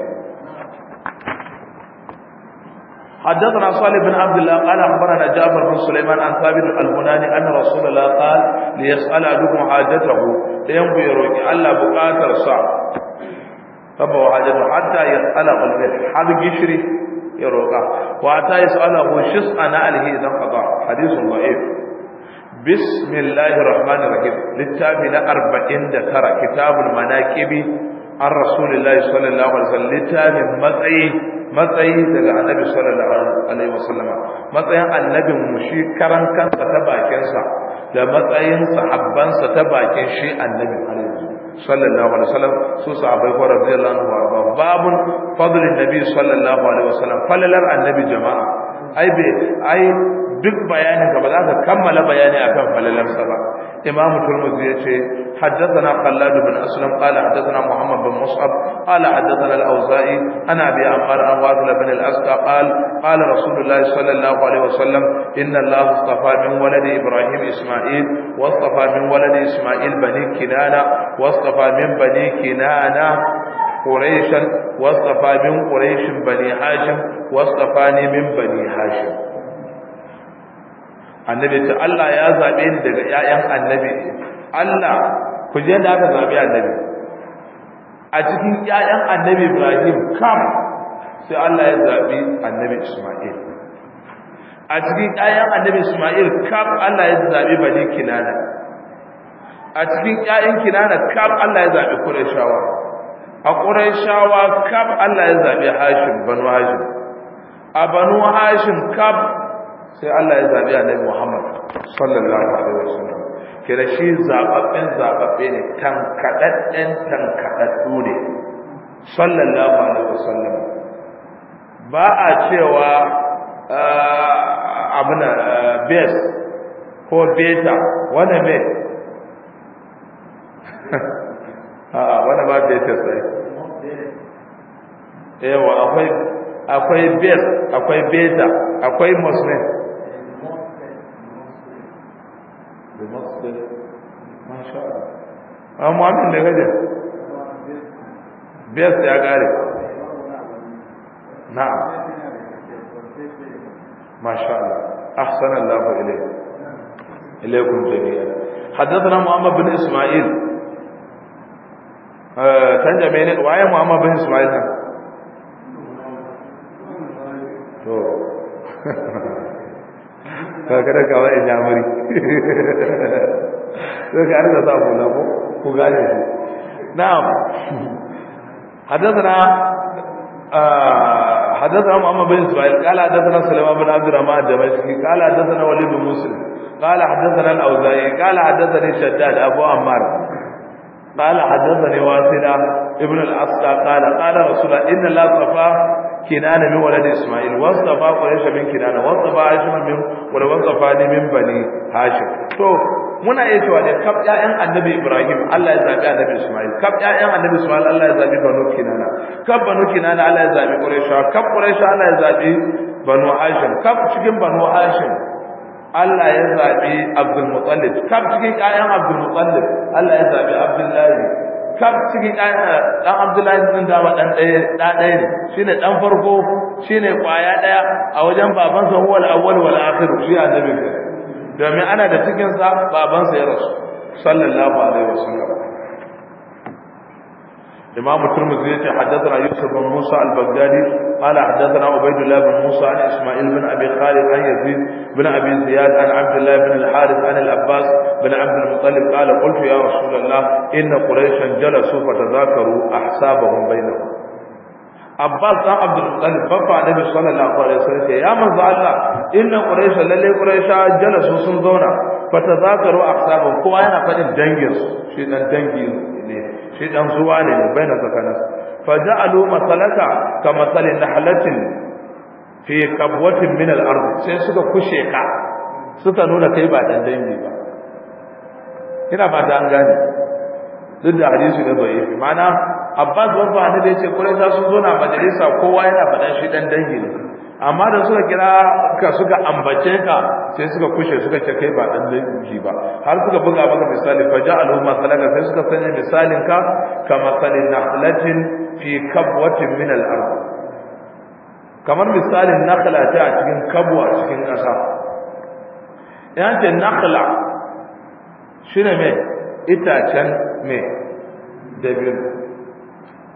حدثنا صالح بن عبد الله قال اخبرنا جعفر بن سليمان عن ثابت البناني ان رسول الله قال ليسال احدكم حاجته فينبي يروي الله بقاتر صعب فما حاجته حتى يسال البيت حد يشري يروقا واتى يساله شس انا عليه اذا قضى حديث ضعيف بسم الله الرحمن الرحيم للتابع لا 40 كتاب المناكب عن رسول الله صلى الله عليه وسلم للتابع متعي matsayi daga annabi sallallahu alaihi wasallama matsayin annabin mu shi karan kansa ta bakin sa da matsayin sahabban sa ta bakin shi annabi sallallahu alaihi wasallam su sahabbai ko radiyallahu anhu babun fadlin nabi sallallahu alaihi wasallam falalar annabi jama'a ai be ai duk bayanin ka ba za ka kammala bayani akan falalar sa ba imamu turmuzi yace حدثنا خلاد بن أسلم قال حدثنا محمد بن مصعب قال حدثنا الأوزائي أنا أبي عمار عن واثل بن الأسقى قال قال رسول الله صلى الله عليه وسلم إن الله اصطفى من ولد إبراهيم إسماعيل واصطفى من ولد إسماعيل بني كنانة واصطفى من بني كنانة قريشا واصطفى من قريش بني هاشم واصطفاني من بني هاشم annabi ta Allah ya zaɓe ni daga ‘ya'yan annabi Allah ku je da aka zabi annabi a cikin ƴaƴan annabi Ibrahim kam sai Allah ya zabi annabi Isma'il a cikin ƴaƴan annabi Isma'il kam Allah ya zabi bani Kinana a cikin ƴaƴan Kinana kam Allah ya zabi Qurayshawa a Qurayshawa kam Allah ya zabi Hashim banu Hashim a banu Hashim kam sai Allah ya zabi annabi Muhammad sallallahu alaihi wasallam kira shi zaɓaɓɓen zaɓaɓɓe ne tankaɗaɗɗen tankaɗaɗɗu ne sallallahu alaihi wasallam ba a cewa eh, abuna eh, bes ko beta wane me a wanda ba beta sai yawa akwai akwai bes akwai beta akwai muslim بمصدر ما شاء الله أما من لغجة بيس يا غالي نعم ما شاء الله أحسن الله إليك إليكم جميعا حدثنا محمد بن إسماعيل آه، تنجا مينين وعي محمد بن إسماعيل تو kaga da kawai ya jamari to ka arza ta mu na ko ku gane ah, bin suhail qala hadathana sulaiman bin abd rahman dabashi qala hadathana walid bin muslim shaddad abu ammar قال حدثني واسلا ابن الاصفى قال قال رسول الله ان Kinana min كنانة من ولد إسماعيل واصطفى قريش من كنانة واصطفى هاشم من واصطفاني من بني هاشم To muna iya cewa ne kaf ƴaƴan annabi Ibrahim Allah ya zabi annabi Ismail kaf ƴaƴan annabi Ismail Allah ya zabi Banu Kinana kaf Banu Kinana Allah ya zabi Quraysh kaf Quraysh Allah ya zabi Banu Hashim kaf cikin Banu Hashim Allah ya zabi Abdul Muttalib kaf cikin ƴaƴan Abdul Muttalib Allah ya zabi Abdullahi kaf cikin eh, ɗan abdullahi bin dama ɗan ɗaya ne shi ne ɗan farko shi ne ƙwaya ɗaya a wajen babansa huwal awwal wal akhir shi annabi ne domin ana da cikinsa babansa ya rasu sallallahu alaihi wasallam imamu turmuzi yace haddathana yusuf bin musa al-baghdadi قال حدثنا عبيد الله بن موسى عن اسماعيل بن ابي خالد عن يزيد بن ابي زياد عن عبد الله بن الحارث عن العباس بن عبد المطلب قال قلت يا رسول الله ان قريشا جلسوا فتذاكروا احسابهم بينهم Abbas dan Abdul Muttalib babba Annabi sallallahu alaihi wasallam ce ya kowa yana fadin dangin shi ne shi faja'alu masalaka ka masalin nahlatin fi qabwatin min al sai suka kushe ka suka nuna kai ba dan dangi ba ina ba ta an gane duk da hadisi da zai mana Abbas babba ne da yace kurai za su zo na majalisa kowa yana faɗan shi dandan dangi ne amma da suka kira ka suka ambace ka sai suka kushe suka ce kai ba dan laifi ba har suka buga maka misali fa ja'alu salaka sai suka sanya misalin ka ka salin nahlatin fi kabwatin min al-ard kamar misalin nakhla ta cikin kabwa cikin kasa. yan ce nakhla shine me itacen me dabino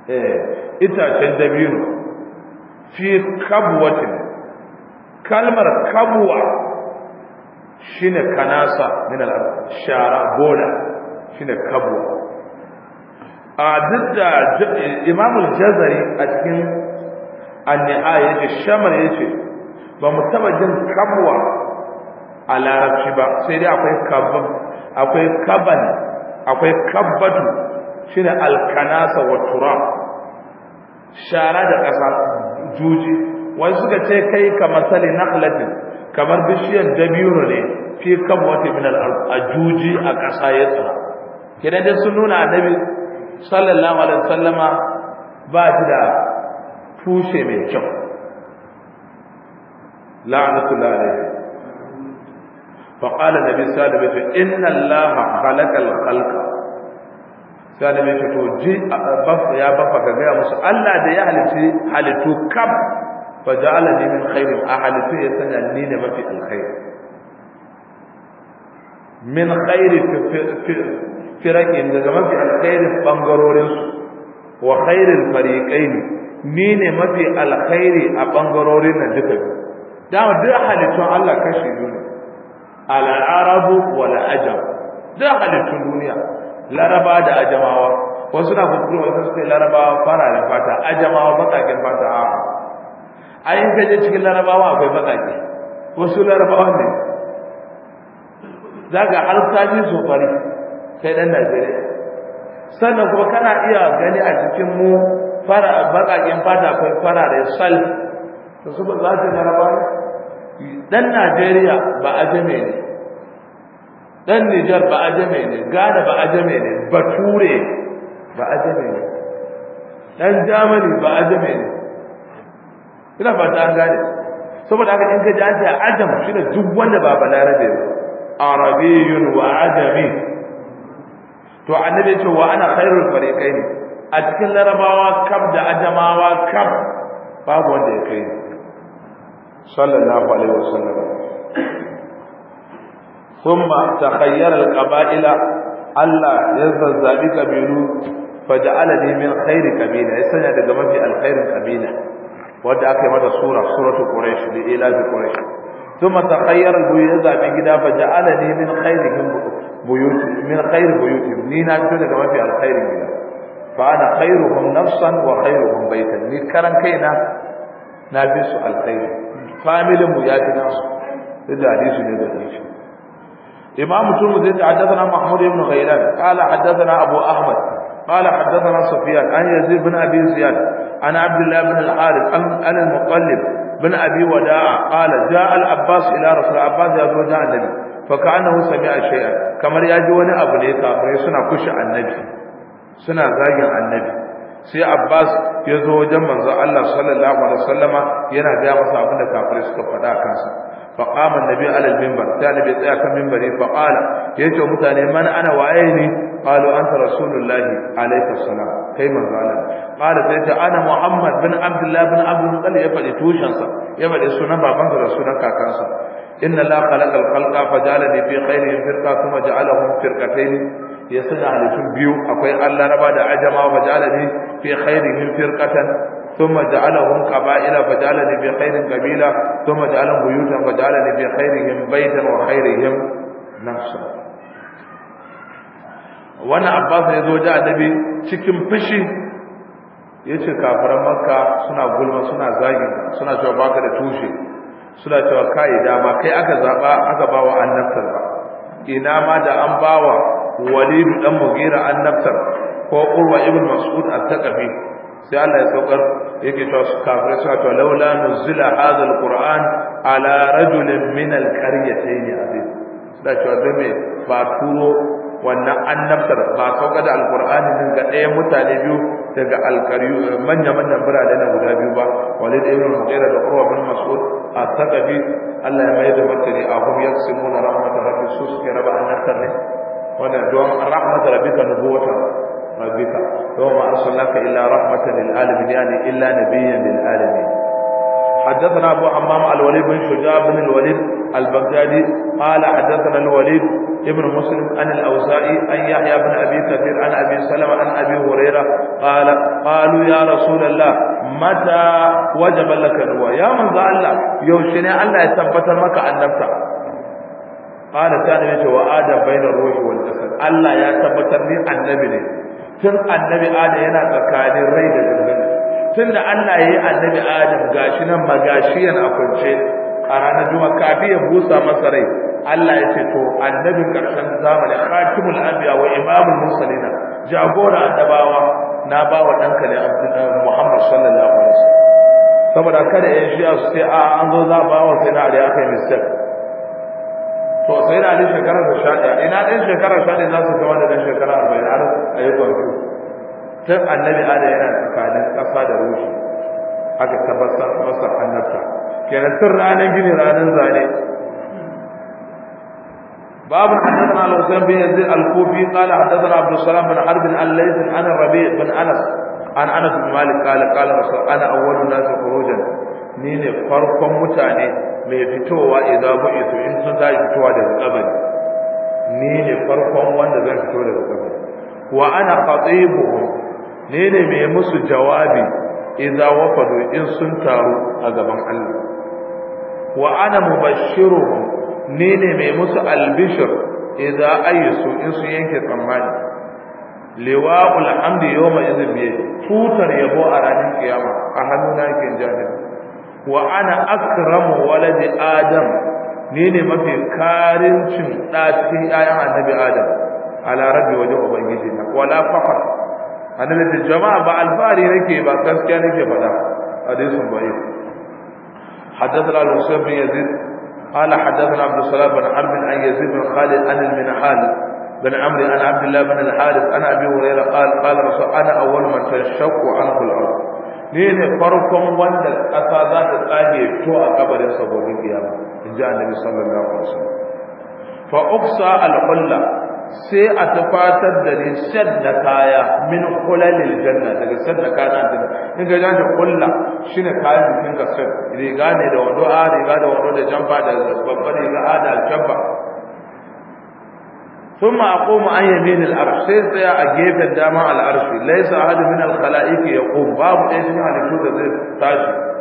eh itacen dabino fi kabuwatin kalmar kabwa shine kanasa min al shara shi shine kabwa a duk da imamul jazari a cikin annihaya yace shamar ce, ba mu taba jin kabwa a larabci ba sai dai akwai kabban akwai kaban akwai kabbatu ne alkanasa wa turab shara da ƙasa juji wani suka ce kai ka matsali na naqlatin kamar bishiyar dabiru ne fi kabwati wata al a juji a ƙasa ya tsira kidan da sun nuna annabi sallallahu alaihi wasallama ba shi da tushe mai kyau la'natullahi alaihi فقال النبي صلى الله عليه وسلم inna الله خلق الخلق sai annabi ya to ji ya bafa ga gaya musu Allah da ya halitti halittu kab fa ja'ala ni min khairin a halittu ya sanya ni ne mafi alkhairi min khairi firaqin daga mafi alkhairi bangarorin su wa khairil fariqain ni ne mafi alkhairi a bangarorin nan duka dama duk halittun Allah kashi biyu ne al-arabu wal ajam duk halittun duniya laraba da ajamawa wasu na kuskure wasu suka yi larabawa fara da fata ajamawa bakakin fata a a yin kaje cikin larabawa akwai bakaki wasu larabawa ne za ga har sami su fari kai dan najeriya sannan kuma kana iya gani a cikin mu fara bakakin fata akwai fara da sal da su ba za su ne dan najeriya ba ajame ne dan Nijar ba ajame ne Ghana ba ajame ne Bature ba ajame ne dan Germany ba ajame ne ina fata an gane saboda haka in ka ji an ce ajam shine duk wanda ba balarabe ba Arabiyun wa ajami to annabi ya ce wa ana khairul fariqaini a cikin larabawa kam da ajamawa kam babu wanda ya kai sallallahu alaihi wasallam thumma takhayyara alqaba'ila Allah ya zazzabi kabilu faj'alani min khairi kabila ya sanya daga mafi alkhairin kabila wanda aka yi mata sura suratul quraish da ila quraish ثم Ni na من daga mafi من خير بيوت من خير بيوت نينا تقول كما في الخير جدا فأنا خيرهم نفسا وخيرهم بيتا نكرن كينا نابس الخير فامل مجاهد ناس هذا حديث نبوي إمام ترمذي حدثنا محمود بن غيلان قال حدثنا أبو أحمد قال حدثنا سفيان عن يزيد بن أبي زياد عن عبد الله بن الحارث عن المقلب بن أبي وداع قال جاء العباس إلى رسول العباس يا زوج النبي فكأنه سمع شيئا كما يجي وني أبو نيتا فيسنا كش النبي سنا زاجن النبي sai Abbas ya zo wajen manzo Allah sallallahu alaihi wasallama yana ga masa abin da kafirai suka faɗa kansa fa qama annabi ala al-minbar sai annabi ya tsaya kan minbari fa qala yace mutane man ana waye ne qalu anta rasulullahi alayhi assalam kai manzo Allah qala sai ta ana muhammad bin abdullah bin abdul qali ya fadi tushansa ya fadi sunan babansa da sunan kakansa inna la khalaqa al-khalqa fa ja'alani fi khairin firqa kuma ja'alahum firqatayn ya sanya halittun biyu akwai Allah na bada ajama wa ja'alani fi khairin firqatan ثم جعلهم قبائل فجعلني في خير قبيلة ثم جعلهم بيوتا فجعلني في خيرهم بيتا وخيرهم نفسا wani abbas ya zo ji annabi cikin fushi ya ce kafiran makka suna gulma suna zagi suna cewa baka da tushe suna cewa kai dama kai aka zaba aka bawa annabtar ba ina ma da an bawa Walidu dan mugira annabtar ko urwa ibn mas'ud at-taqafi sai Allah ya saukar yake cewa su kafirai suna cewa laula nuzila hadha alquran ala rajulin min alqaryatayn azim da cewa dan me ba turo wannan annabtar ba saukar da alqur'ani din ga ɗaya mutane biyu daga alkaryu manya manyan birane na guda biyu ba walid ibn mughira da urwa bin mas'ud at-taqafi Allah ya mai da martani a hum yaksimuna rahmatar rabbi su suke raba annabtar ne wannan don rahmatar ka. arsalnaka illa rahmatan lil alamin yani illa nabiyyan lil alamin حدثنا أبو حمام الوليد بن شجاع بن الوليد البغدادي قال حدثنا الوليد ابن مسلم عن الأوزاعي عن يحيى بن أبي كثير عن أبي سلمة عن أبي هريرة قال قالوا يا رسول الله متى وجب لك النبوة يا من ذا الله يوشني الله يثبت مك النبتة قال ثاني وآدم بين الروح والجسد الله يثبت لي النبي tun annabi adam yana tsakanin rai da dangane tun da Allah ya yi annabi adam gashi nan magashiyan a kwance a ranar juma kafin ya busa masa rai Allah ya ce to annabin karshen zamani khatimul anbiya wa imamul mursalina jagora annabawa na ba wa danka ne Muhammad sallallahu alaihi wasallam saboda kada yan shi'a su sai a an zo za ba wa sai na da aka yi mistake to sai da ni da sha ɗaya ina ɗan shekarar sha ɗaya za su kama da ɗan shekarar? arba'in har a yi kwanto tun annabi ada yana tsakanin ƙasa da rushe aka tabbatar masa annabta kenan tun ranar gini ranar zane باب حدثنا على حسين بن يزيد الكوفي قال حدثنا عبد السلام بن حرب عن ليث عن Rabi بن انس عن انس بن مالك قال قال رسول انا اول ne farkon mutane mai fitowa idan bu'i su in sun tashi fitowa daga kabari ni ne farkon wanda zan fito daga kabari wa ana khatibuhum ni ne mai musu jawabi idan wafadu in sun taru a gaban Allah wa ana mu. ni ne mai musu albishir idan ayisu in sun yanke tsammani liwa'ul hamdi yawma idhin bi tutar yabo a ranar kiyama a hannun yake jami'a wa ana akramu waladi adam ni ne mafi karincin ɗacin ‘ya'yan annabi adam a larabi wajen ubangiji na wala fafa annabi da jama'a ba alfahari nake ba gaskiya nake faɗa hadisin bai حدثنا الحسين بن يزيد قال حدثنا عبد السلام بن حرب عن يزيد بن خالد عن المنحال بن عمرو عن عبد الله بن الحارث عن ابي هريره قال قال رسول انا اول من تنشق عنه الارض ne ne farkon wanda ƙasa za ta tsage to a kabarin sabobin gobe kiyama in ji annabi sallallahu alaihi wasallam fa uqsa al qulla sai a tafatar da ni shad na kaya min qulalil janna daga shad na kaya nan in ga janta qulla shine kayan jikin ka sai riga ne da wando a riga da wando da jamba da babban riga da jamba. ثم أقوم عن يمين العرش سيسيا أجيب الدماء على ليس أحد من الخلائق يقوم باب إيش يعني شو زي تاشي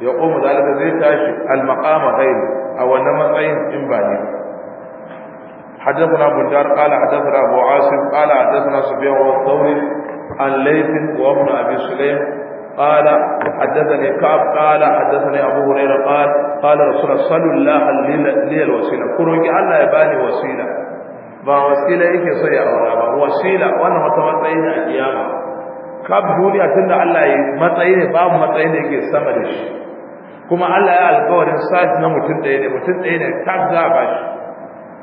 يقوم ذلك زي تاشي المقام غير أو إنما غير إنباني حدثنا بندار قال حدثنا أبو عاصم قال حدثنا سبيع والثوري عن ليث وابن أبي سليم قال حدثني كعب قال حدثني أبو هريرة قال قال رسول الله صلى الله عليه وسلم كروك الله يباني وسيلة ba wasila yake so ya aura ba wasila wannan wata matsayi ne a kiyama kab duniya tunda Allah ya matsayi ne babu matsayi ne yake sama da shi kuma Allah ya alƙawarin sati na mutum ɗaya ne mutum ɗaya ne kab za a bashi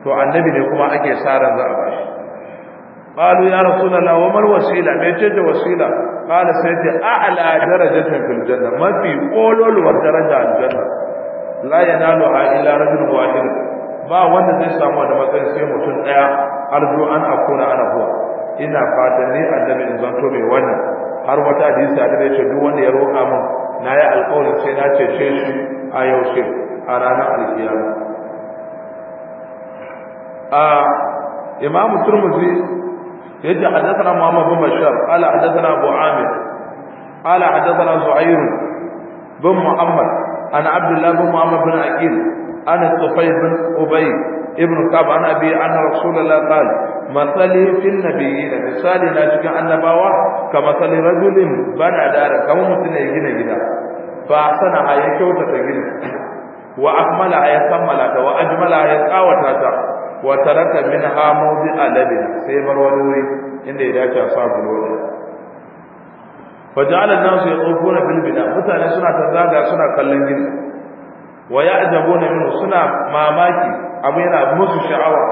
to annabi ne kuma ake sa ran za a bashi قالوا يا رسول الله وما الوسيله ما تجد وسيله قال سيدي اعلى درجه في الجنه ما في قول والدرجه الجنه لا ينالها الا رجل واحد ba wanda zai samu da matsayin sai mutum daya arzu an akuna ana huwa ina fatan ne annabi in zanto mai wannan har wata hadisi da yake duk wanda ya roƙa min na yi alƙawarin sai na cece shi a yaushe a ranar alƙiyama a imam turmuzi yadda ce muhammad bin bashar ala hadathana abu amir ala hadathana zu'airu bin muhammad an abdullah bin muhammad bin aqil عن الطفيل بن أبي ابن كعب عن أبي عن رسول الله قال مثلي في النبيين مثالي ناشك نباوة كمثل رجل بنى دارا كما متنا يجينا جدا فأحسنها يكوتا تجينا وأجمل يكملها وأجملها يكاوتا وترك منها موضع لبن سيبر ولوري إن إذا كان صعب الولد فجعل الناس يطوفون بالبناء البناء مثلا سنة تزاغى سنة كاللنجين wa ya'jabuna minhu suna mamaki abu yana musu sha'awa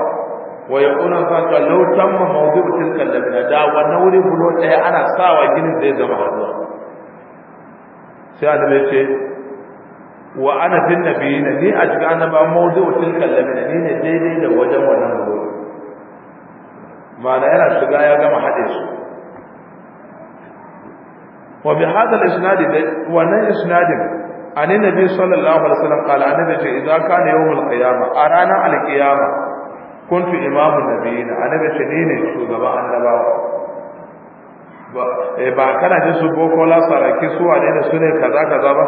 wa yaqulun fa ma tamma mawdu'u tilka labna da wannan wuri bulo daya ana sawa ginin zai zama hazuwa sai annabi ce wa ana na fil nabiyina ni a cikin ba annaba mawdu'u tilka labna ni ne daidai da wajen wannan bulo ma'ana yana shiga ya gama haɗe su wa bi hadha al-isnad wannan isnadin ani nabi sallallahu alaihi wasallam qala annabi ce idza kana yawmul qiyamah a ranar alqiyama kuntu imamu nabiyina annabi ce ni ne shugaba annabawa ba eh, kana ji su boko la saraki su wane ne su ne kaza kaza ba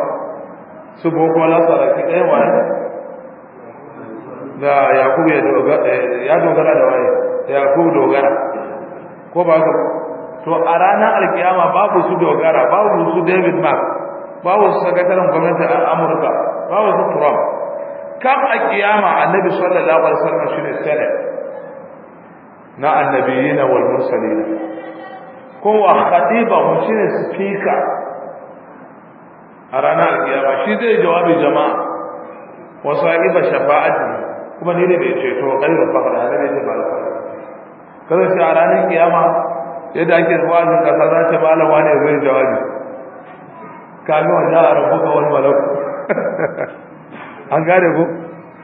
su boko la saraki ɗaya wane da yakubu ya eh, dogara da Ya yakubu dogara ko ba ka to a ranar alkiyama babu su dogara babu su david mark Bawo sakataren gwamnati a Amurka bawo su Trump kam a kiyama annabi sallallahu alaihi wasallam shine sene, na annabiyina wal mursalin kowa khatiba mu shine speaker a ranar kiyama shi zai jawabi jama'a wa sahiba shafa'ati kuma ne ne bai ceto kalmar fahara ne bai ba kada sai a ranar kiyama yadda ake zuwa ga kaza ta malama ne zai jawabi kaga wa rabu ga wani malak an gane ko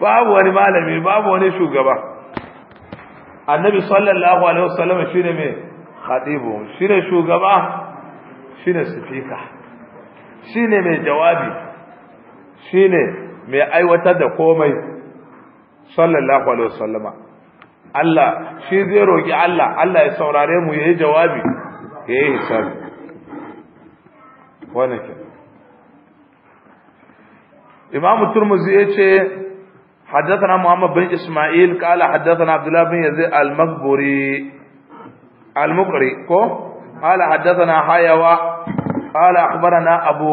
babu wani malami babu wani shugaba annabi sallallahu alaihi wasallam shine me khatibu shine shugaba shine sifika shine mai jawabi shine mai aiwatar da komai sallallahu alaihi wasallama Allah shi zai roki Allah Allah ya saurare mu yayi jawabi yayi hisabi wannan imam turmuzi yace haddathana muhammad bin isma'il qala haddathana abdullah bin yazid al-maghburi ko qala haddathana hayawa qala akhbarana abu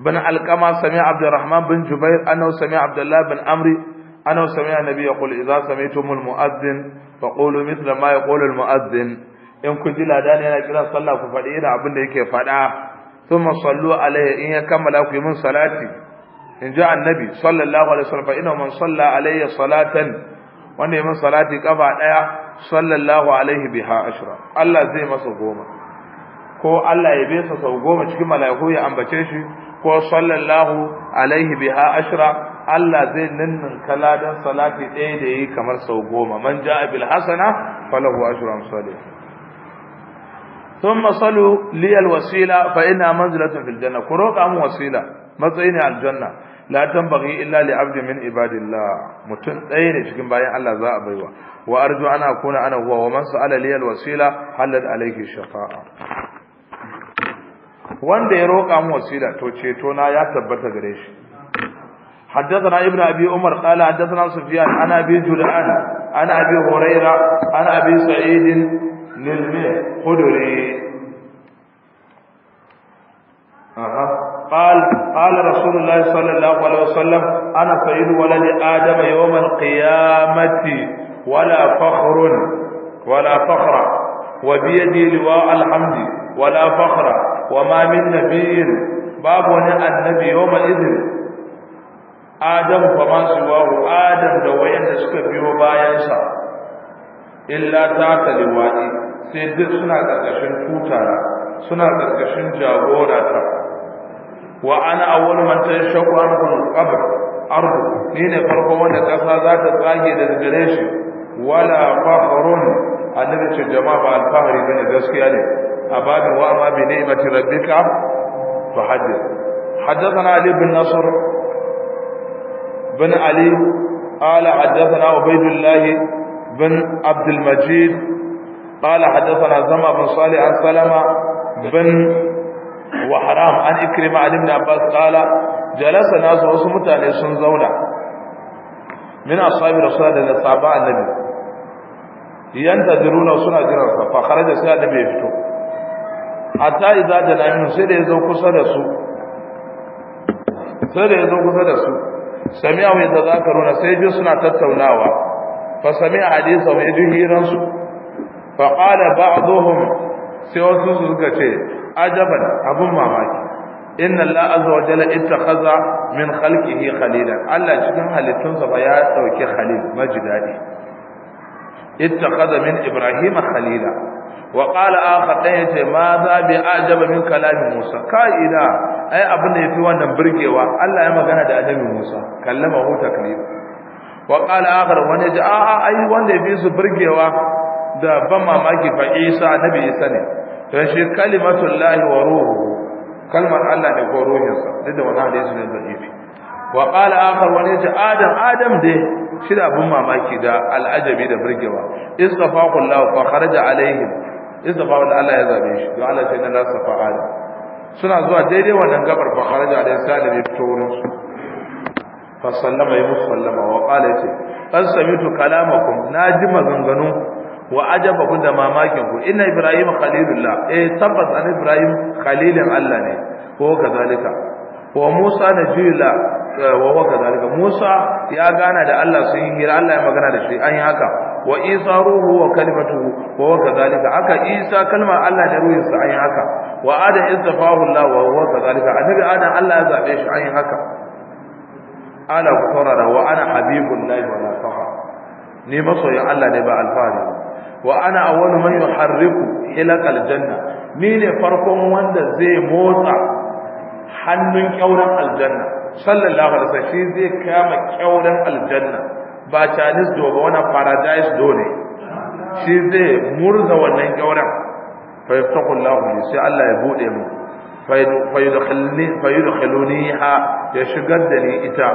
بن القما سمع عبد الرحمن بن جبير انه سمع عبد الله بن عمرو انه سمع النبي يقول اذا سمعتم المؤذن فقولوا مثل ما يقول المؤذن in ku ji ladani yana kiran sallah ku faɗi abin da yake faɗa thumma sallu alayya in ya kammala ku yi min salati in ji annabi sallallahu alaihi wasallam fa inna man salla alayya salatan wanda ya min salati kafa daya sallallahu alaihi biha ashra Allah zai masa goma ko Allah ya besa sau goma cikin mala'iku ya ambace shi ko sallallahu alaihi biha ashra Allah zai nannin kaladan salati ɗaya da yi kamar sau goma man a bil hasana thumma salu wasila alwasila fa inna manzilatun fil ku roka mu wasila matsayi ne aljanna la tanbaghi illa li abdin min ibadillah ɗaya ne cikin bayan Allah za a baiwa wa arju ana akuna ana huwa wa man sa'ala li alwasila halat alayhi shafa'a wanda ya roka mu wasila to ceto na ya tabbata gare shi حدثنا ابن ابي عمر قال حدثنا سفيان عن ابي جدعان عن ابي هريره عن ابي سعيد للخدري أها قال قال رسول الله صلى الله عليه وسلم أنا سيد ولد آدم يوم القيامة ولا فخر ولا فخر وبيدي لواء الحمد ولا فخر وما من نبي باب النبي يومئذ آدم فما سواه آدم دوين سكبيو باينسا إلا تاتا لوائي sai duk suna ƙarƙashin tutara suna ƙarƙashin jagorata wa ana awwal man tashaqqu anhu al-qabr ardu ni ne farko wanda ƙasa za ta tsage daga gare shi wala fakhrun annabi ce jama'a ba alfahari bane gaskiya ne ababin wa ma bi ni'mati rabbika fa hadith حدثنا علي بن نصر بن علي قال حدثنا عبيد الله بن عبد المجيد قال حدثنا زما بن صالح عن سلمة بن وحرام عن إكرمة عن ابن عباس قال جلس ناس وسمت أن يسن زونا من أصحاب رسول الله صعباء النبي ينتظرون سنة جرسة فخرج سيئة النبي يفتو حتى إذا جل من سيد يزو كسر يسو سيد يزو كسر يسو سمعوا يتذاكرون سيجو سنة تتوناوا فسمع حديثهم يجو هيرانسو faƙala ba a zohon sai wasu su suka ce ajaban abin mamaki inna Allah azza wa jalla ittakhadha min khalqihi khalilan Allah cikin halittunsa ba ya dauki khalil majidadi ittakhadha min ibrahim khalila wa qala akhar dan yace ma za bi ajaba min kalami musa kaida ai abin da yafi wannan burgewa Allah ya magana da annabi musa kallama hu taklif wa qala akhar wani ja a ai wanda yafi su burgewa da ban mamaki fa isa annabi isa ne to shi kalimatullahi wa ruhu kalmar Allah ne ko ruhinsa duk da wani hadisi ne zaifi wa qala akhar wani ce adam adam dai shi da abun mamaki da al'ajabi da burgewa istafaqa Allah fa kharaja alaihim istafaqa Allah ya zabe shi to Allah sai na lasafa adam suna zuwa daidai wannan gabar fa kharaja alaihim salim ya fito wurin su fa sallama ya musallama wa qala ce an samitu kalamakum naji maganganun wa ajabahu da mamakin ku inna ibrahim khalilullah eh tabbas an ibrahim khalilin Allah ne ko kazalika wa musa najila eh, wa wa kazalika musa ya gana da Allah sun yi hira Allah ya magana da shi an yi haka wa isa ruhu wa kalimatuhu wa wa kazalika aka isa kalma Allah da ruhin sa an yi haka wa adam istafahu Allah wa wa kazalika annabi adam Allah ya zabe shi an yi haka ala qurara wa ana habibullahi wa la ni masoyin Allah ne ba alfahari wa ana awwalu man yuharriku hilaqal janna ni ne farkon wanda zai motsa hannun kyauran aljanna sallallahu alaihi wasallam shi zai kama kyauran aljanna ba chinese do ba wannan paradise do ne shi zai murza wannan kyauran fa yaftaqullahu li sai Allah ya bude mu fa yudkhilni fa yudkhiluniha ya shigar da ni ita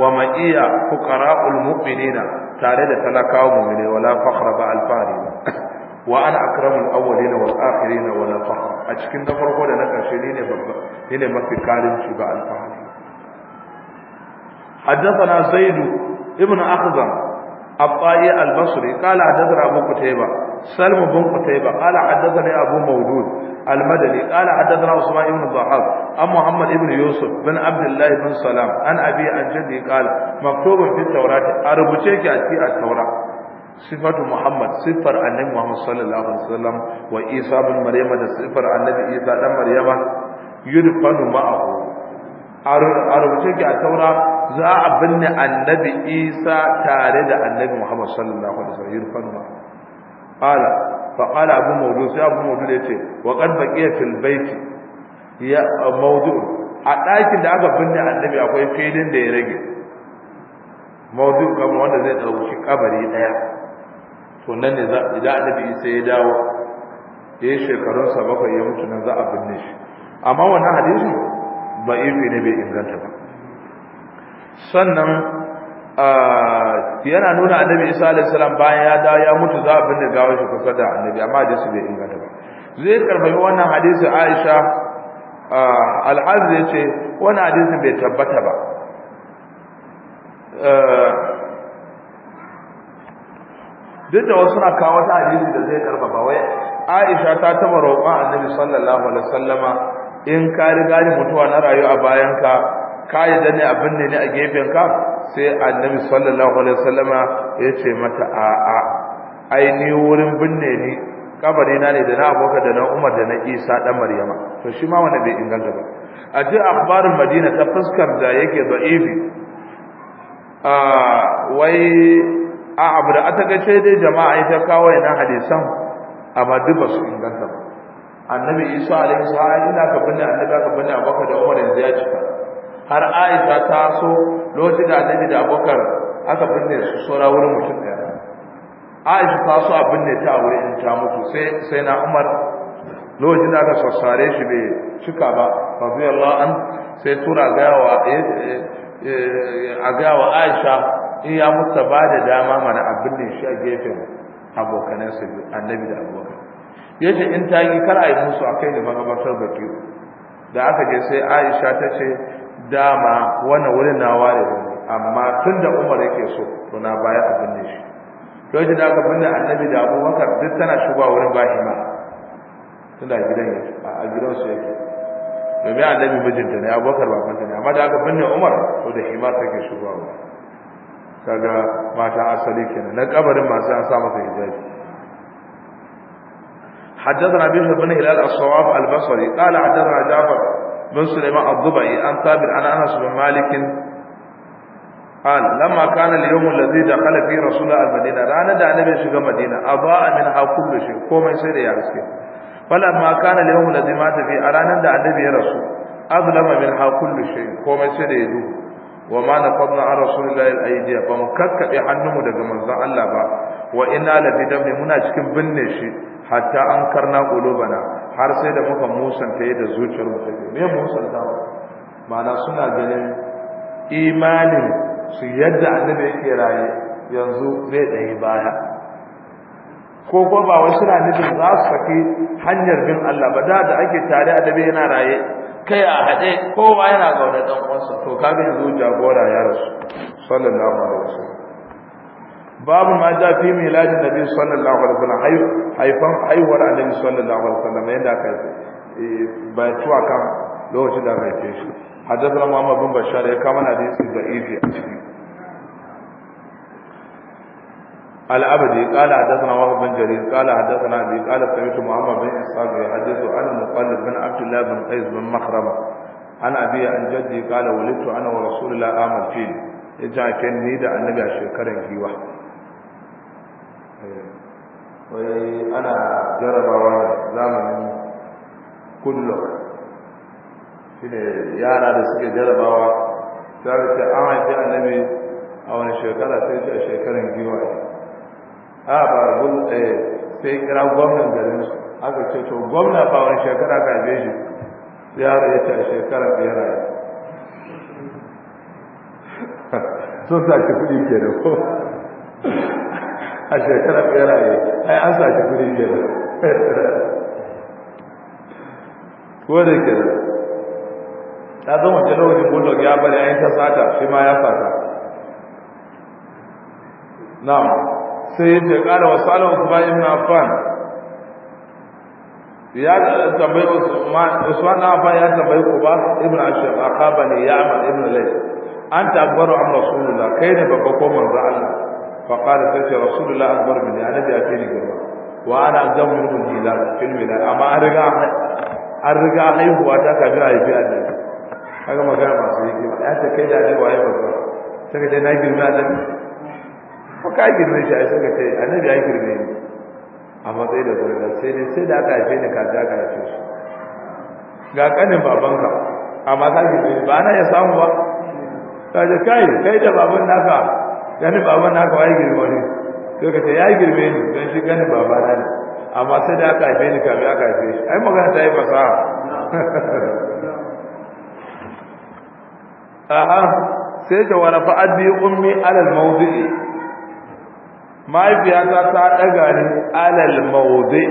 wa ma'iya fuqara'ul mu'minina tare da talakawa mu'mini wala fakhra ba alfahari wa ana akramul awwalin wal akhirin wala fakhra a cikin da farko da na karshe ne babba ne mafi karinci ba alfahari حدثنا زيد ابن أخزم الطائي البصري قال حدثنا أبو قتيبة سلم بن قتيبة قال حدثني أبو مولود المدني قال حدثنا عثمان بن الضحاك عن محمد بن يوسف بن عبد الله بن سلام عن أبي عن جدي قال مكتوب في التوراة أربوشيك أتي التوراة صفة محمد صفر النبي محمد صلى الله عليه وسلم وإيسى بن مريم صفر النبي إيسى بن مريم يدفن معه أربوشيك التوراة za a binne annabi isa tare da annabi muhammad sallallahu alaihi wasallam yurfanu qala fa qala abu mawdu sai abu mawdu ya ce wa qad baqiya fil ya mawdu a ɗakin da aka binne annabi akwai filin da ya rage mawdu kamar wanda zai ɗauki kabari daya to nan ne za idan annabi sai ya dawo ya yi shekarun bakwai ya mutu nan za a binne shi amma wannan hadisi ba ifi ne bai inganta ba sannan Ah, yana nuna annabi isa alaihi salam bayan ya dawo ya mutu za a binne gawar shi kusa da annabi amma su bai inganta ba zai karfafi wannan hadisi aisha ah, al'az ya ce wannan hadisin bai tabbata ba ah, duk da wasu na kawo ta hadisi da zai ba wai aisha ta taba roƙon annabi sallallahu alaihi wasallama in ka riga ni mutuwa na rayu a bayan ka ka yi ne abin ne a gefen ka sai annabi sallallahu alaihi wasallama ya ce mata a'a ai ni wurin binne ni kabari na ne da na abokan da na Umar da na Isa dan Maryama to shi ma wanda bai inganta ba a ji akhbarin Madina ta fuskar da yake da'ifi a wai a abu da aka ga dai jama'a ta kawo ina hadisan amma duk ba su inganta ba annabi Isa alaihi salam ina ka binne annabi ka binne abokan da Umar yanzu ya cika har aisha ta so lokacin da annabi da abokan aka binne su sora wurin mutum ɗaya aisha ta so a binne ta a wurin in ta mutu sai sai na umar lokacin da aka sassare shi bai cika ba radiyallahu an sai tura gawa a gawa eh, eh, eh, aisha in ya mutu ba da dama mana a binne shi a gefen su annabi da abokan yace in ta yi kar a yi musu a kai ne magabatar baki da aka je sai aisha ta ce dama wannan wurin na ware ne amma tun da umar yake so to na baya a binne shi lokacin da aka binne annabi da abubakar duk tana shigowa wurin bashi ma tun da gidan yake a gidan su yake domin annabi mijinta ne abubakar ba kanta ne amma da aka binne umar to da shi ma take shigowa wurin kaga mata asali kenan na kabarin masu an sa masa hijabi حدثنا بشر بن هلال الصواب البصري قال حدثنا جعفر بن سليمان الضبعي عن ثابت عن انس بن مالك قال لما كان اليوم الذي دخل فيه رسول الله المدينه رانا دا النبي شيغا مدينه اضاء منها كل شيء komai sai da ya haske فلما كان اليوم الذي مات فيه رانا دا النبي يا رسول اظلم منها كل شيء komai sai da ya duhu وما نفضنا عن رسول الله الايدي فمككبي hannunmu daga manzon Allah ba wa inna la bidam muna cikin binne shi hatta an karna qulubana har sai da muka musanta da zuciyar mu take me musanta Mana suna ganin imanin su yadda annabi yake raye yanzu zai ɗaya baya ko ko ba wai suna nufin za su saki hanyar bin Allah ba da da ake tare annabi yana raye kai a haɗe kowa yana zaune ɗan uwansa to kaga zuciya jagora ya rasu sallallahu alaihi wasallam babu ma ja fi miladin nabi sallallahu alaihi wasallam haifan haihuwar annabi sallallahu alaihi wasallam yadda aka yi ba tuwa kan lokacin da aka haife shi حدثنا محمد بن بشار كما حديث ضعيف العبدي قال حدثنا وهب بن جرير قال حدثنا ابي قال سمعت محمد بن اسحاق يحدث عن المقلد بن عبد الله بن قيس بن مخرمه عن ابي عن جدي قال ولدت انا ورسول الله امر فيه يجعل كان نيدا النبي على شكرا كيوه Eh, wai ana jarabawa zamani kullum shi ne yara da suke jarabawa ta ce an haifi annabi a wani shekara sai ce a shekaran giwaye a ba gul eh, sai kira gwamnan garin su aka ce to gwamna ba wani shekara ka haife shi yaro ya ce a shekarar biyar sun sa ki kuɗi ke da ko a shekarar beraye ai an sa shi kuri biyar wadda ke ta zama ce lokacin bulldog ya bari an ta sata shi ma ya sata na sai yin ta kara wasu ala usman ibn affan ya tambayi usman affan ya tambayi ku akaba ne ya amal ibn lai an tabbaru an rasulullah فقال سيدي رسول الله أكبر مني أنا دي أتيني قرر وأنا أزم منه الهلال في الولاد أما أرجع أرجع أحيه وأتاك أجرع في أدنى haka magana masu yi kima ya ta kai da ne waye ba ba saka ce na girme annabi ko ka girme shi ai saka ce annabi ya سيدي ni a matsayi da zurga sai sai da aka haife ni ka ga kanin babanka amma ka ba na ya samu ba ta kai kai da baban naka ganin baba na kawai girma ne sai ka ce ya girme ni don shi ganin baba na ne amma sai da aka haife ni kafin aka haife shi ai magana ta yi fasaha aha sai ta wani fa'addi ummi alal mawdu'i mahaifiyata ta ɗaga ni alal a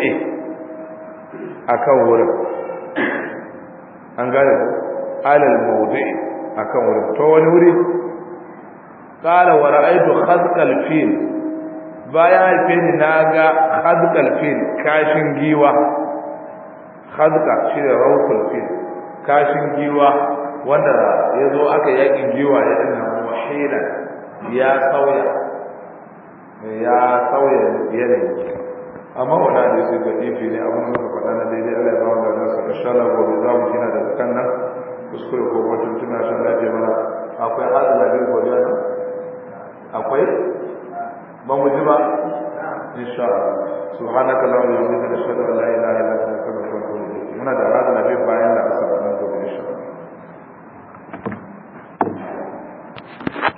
akan wurin an gane alal a akan wurin to wani wuri qala wa ra'aytu khazqal fil bayan haife ni naga khazqal fil kashin giwa khazqa shi ne rawkul fil kashin giwa wanda ya zo aka yakin giwa ya ina wahila ya sauya ya sauya yanayi amma wani su ga dibi ne abin ka faɗa na daidai Allah ya ba da su insha Allah gobe za mu kina da kanna kuskure ko mutum tunashin da ke mana akwai hadin da gobe nan akwai ba mu ji ba insha subhanaka allahumma wa la ilaha illa anta astaghfiruka wa atubu ilayk muna da bayan da gobe insha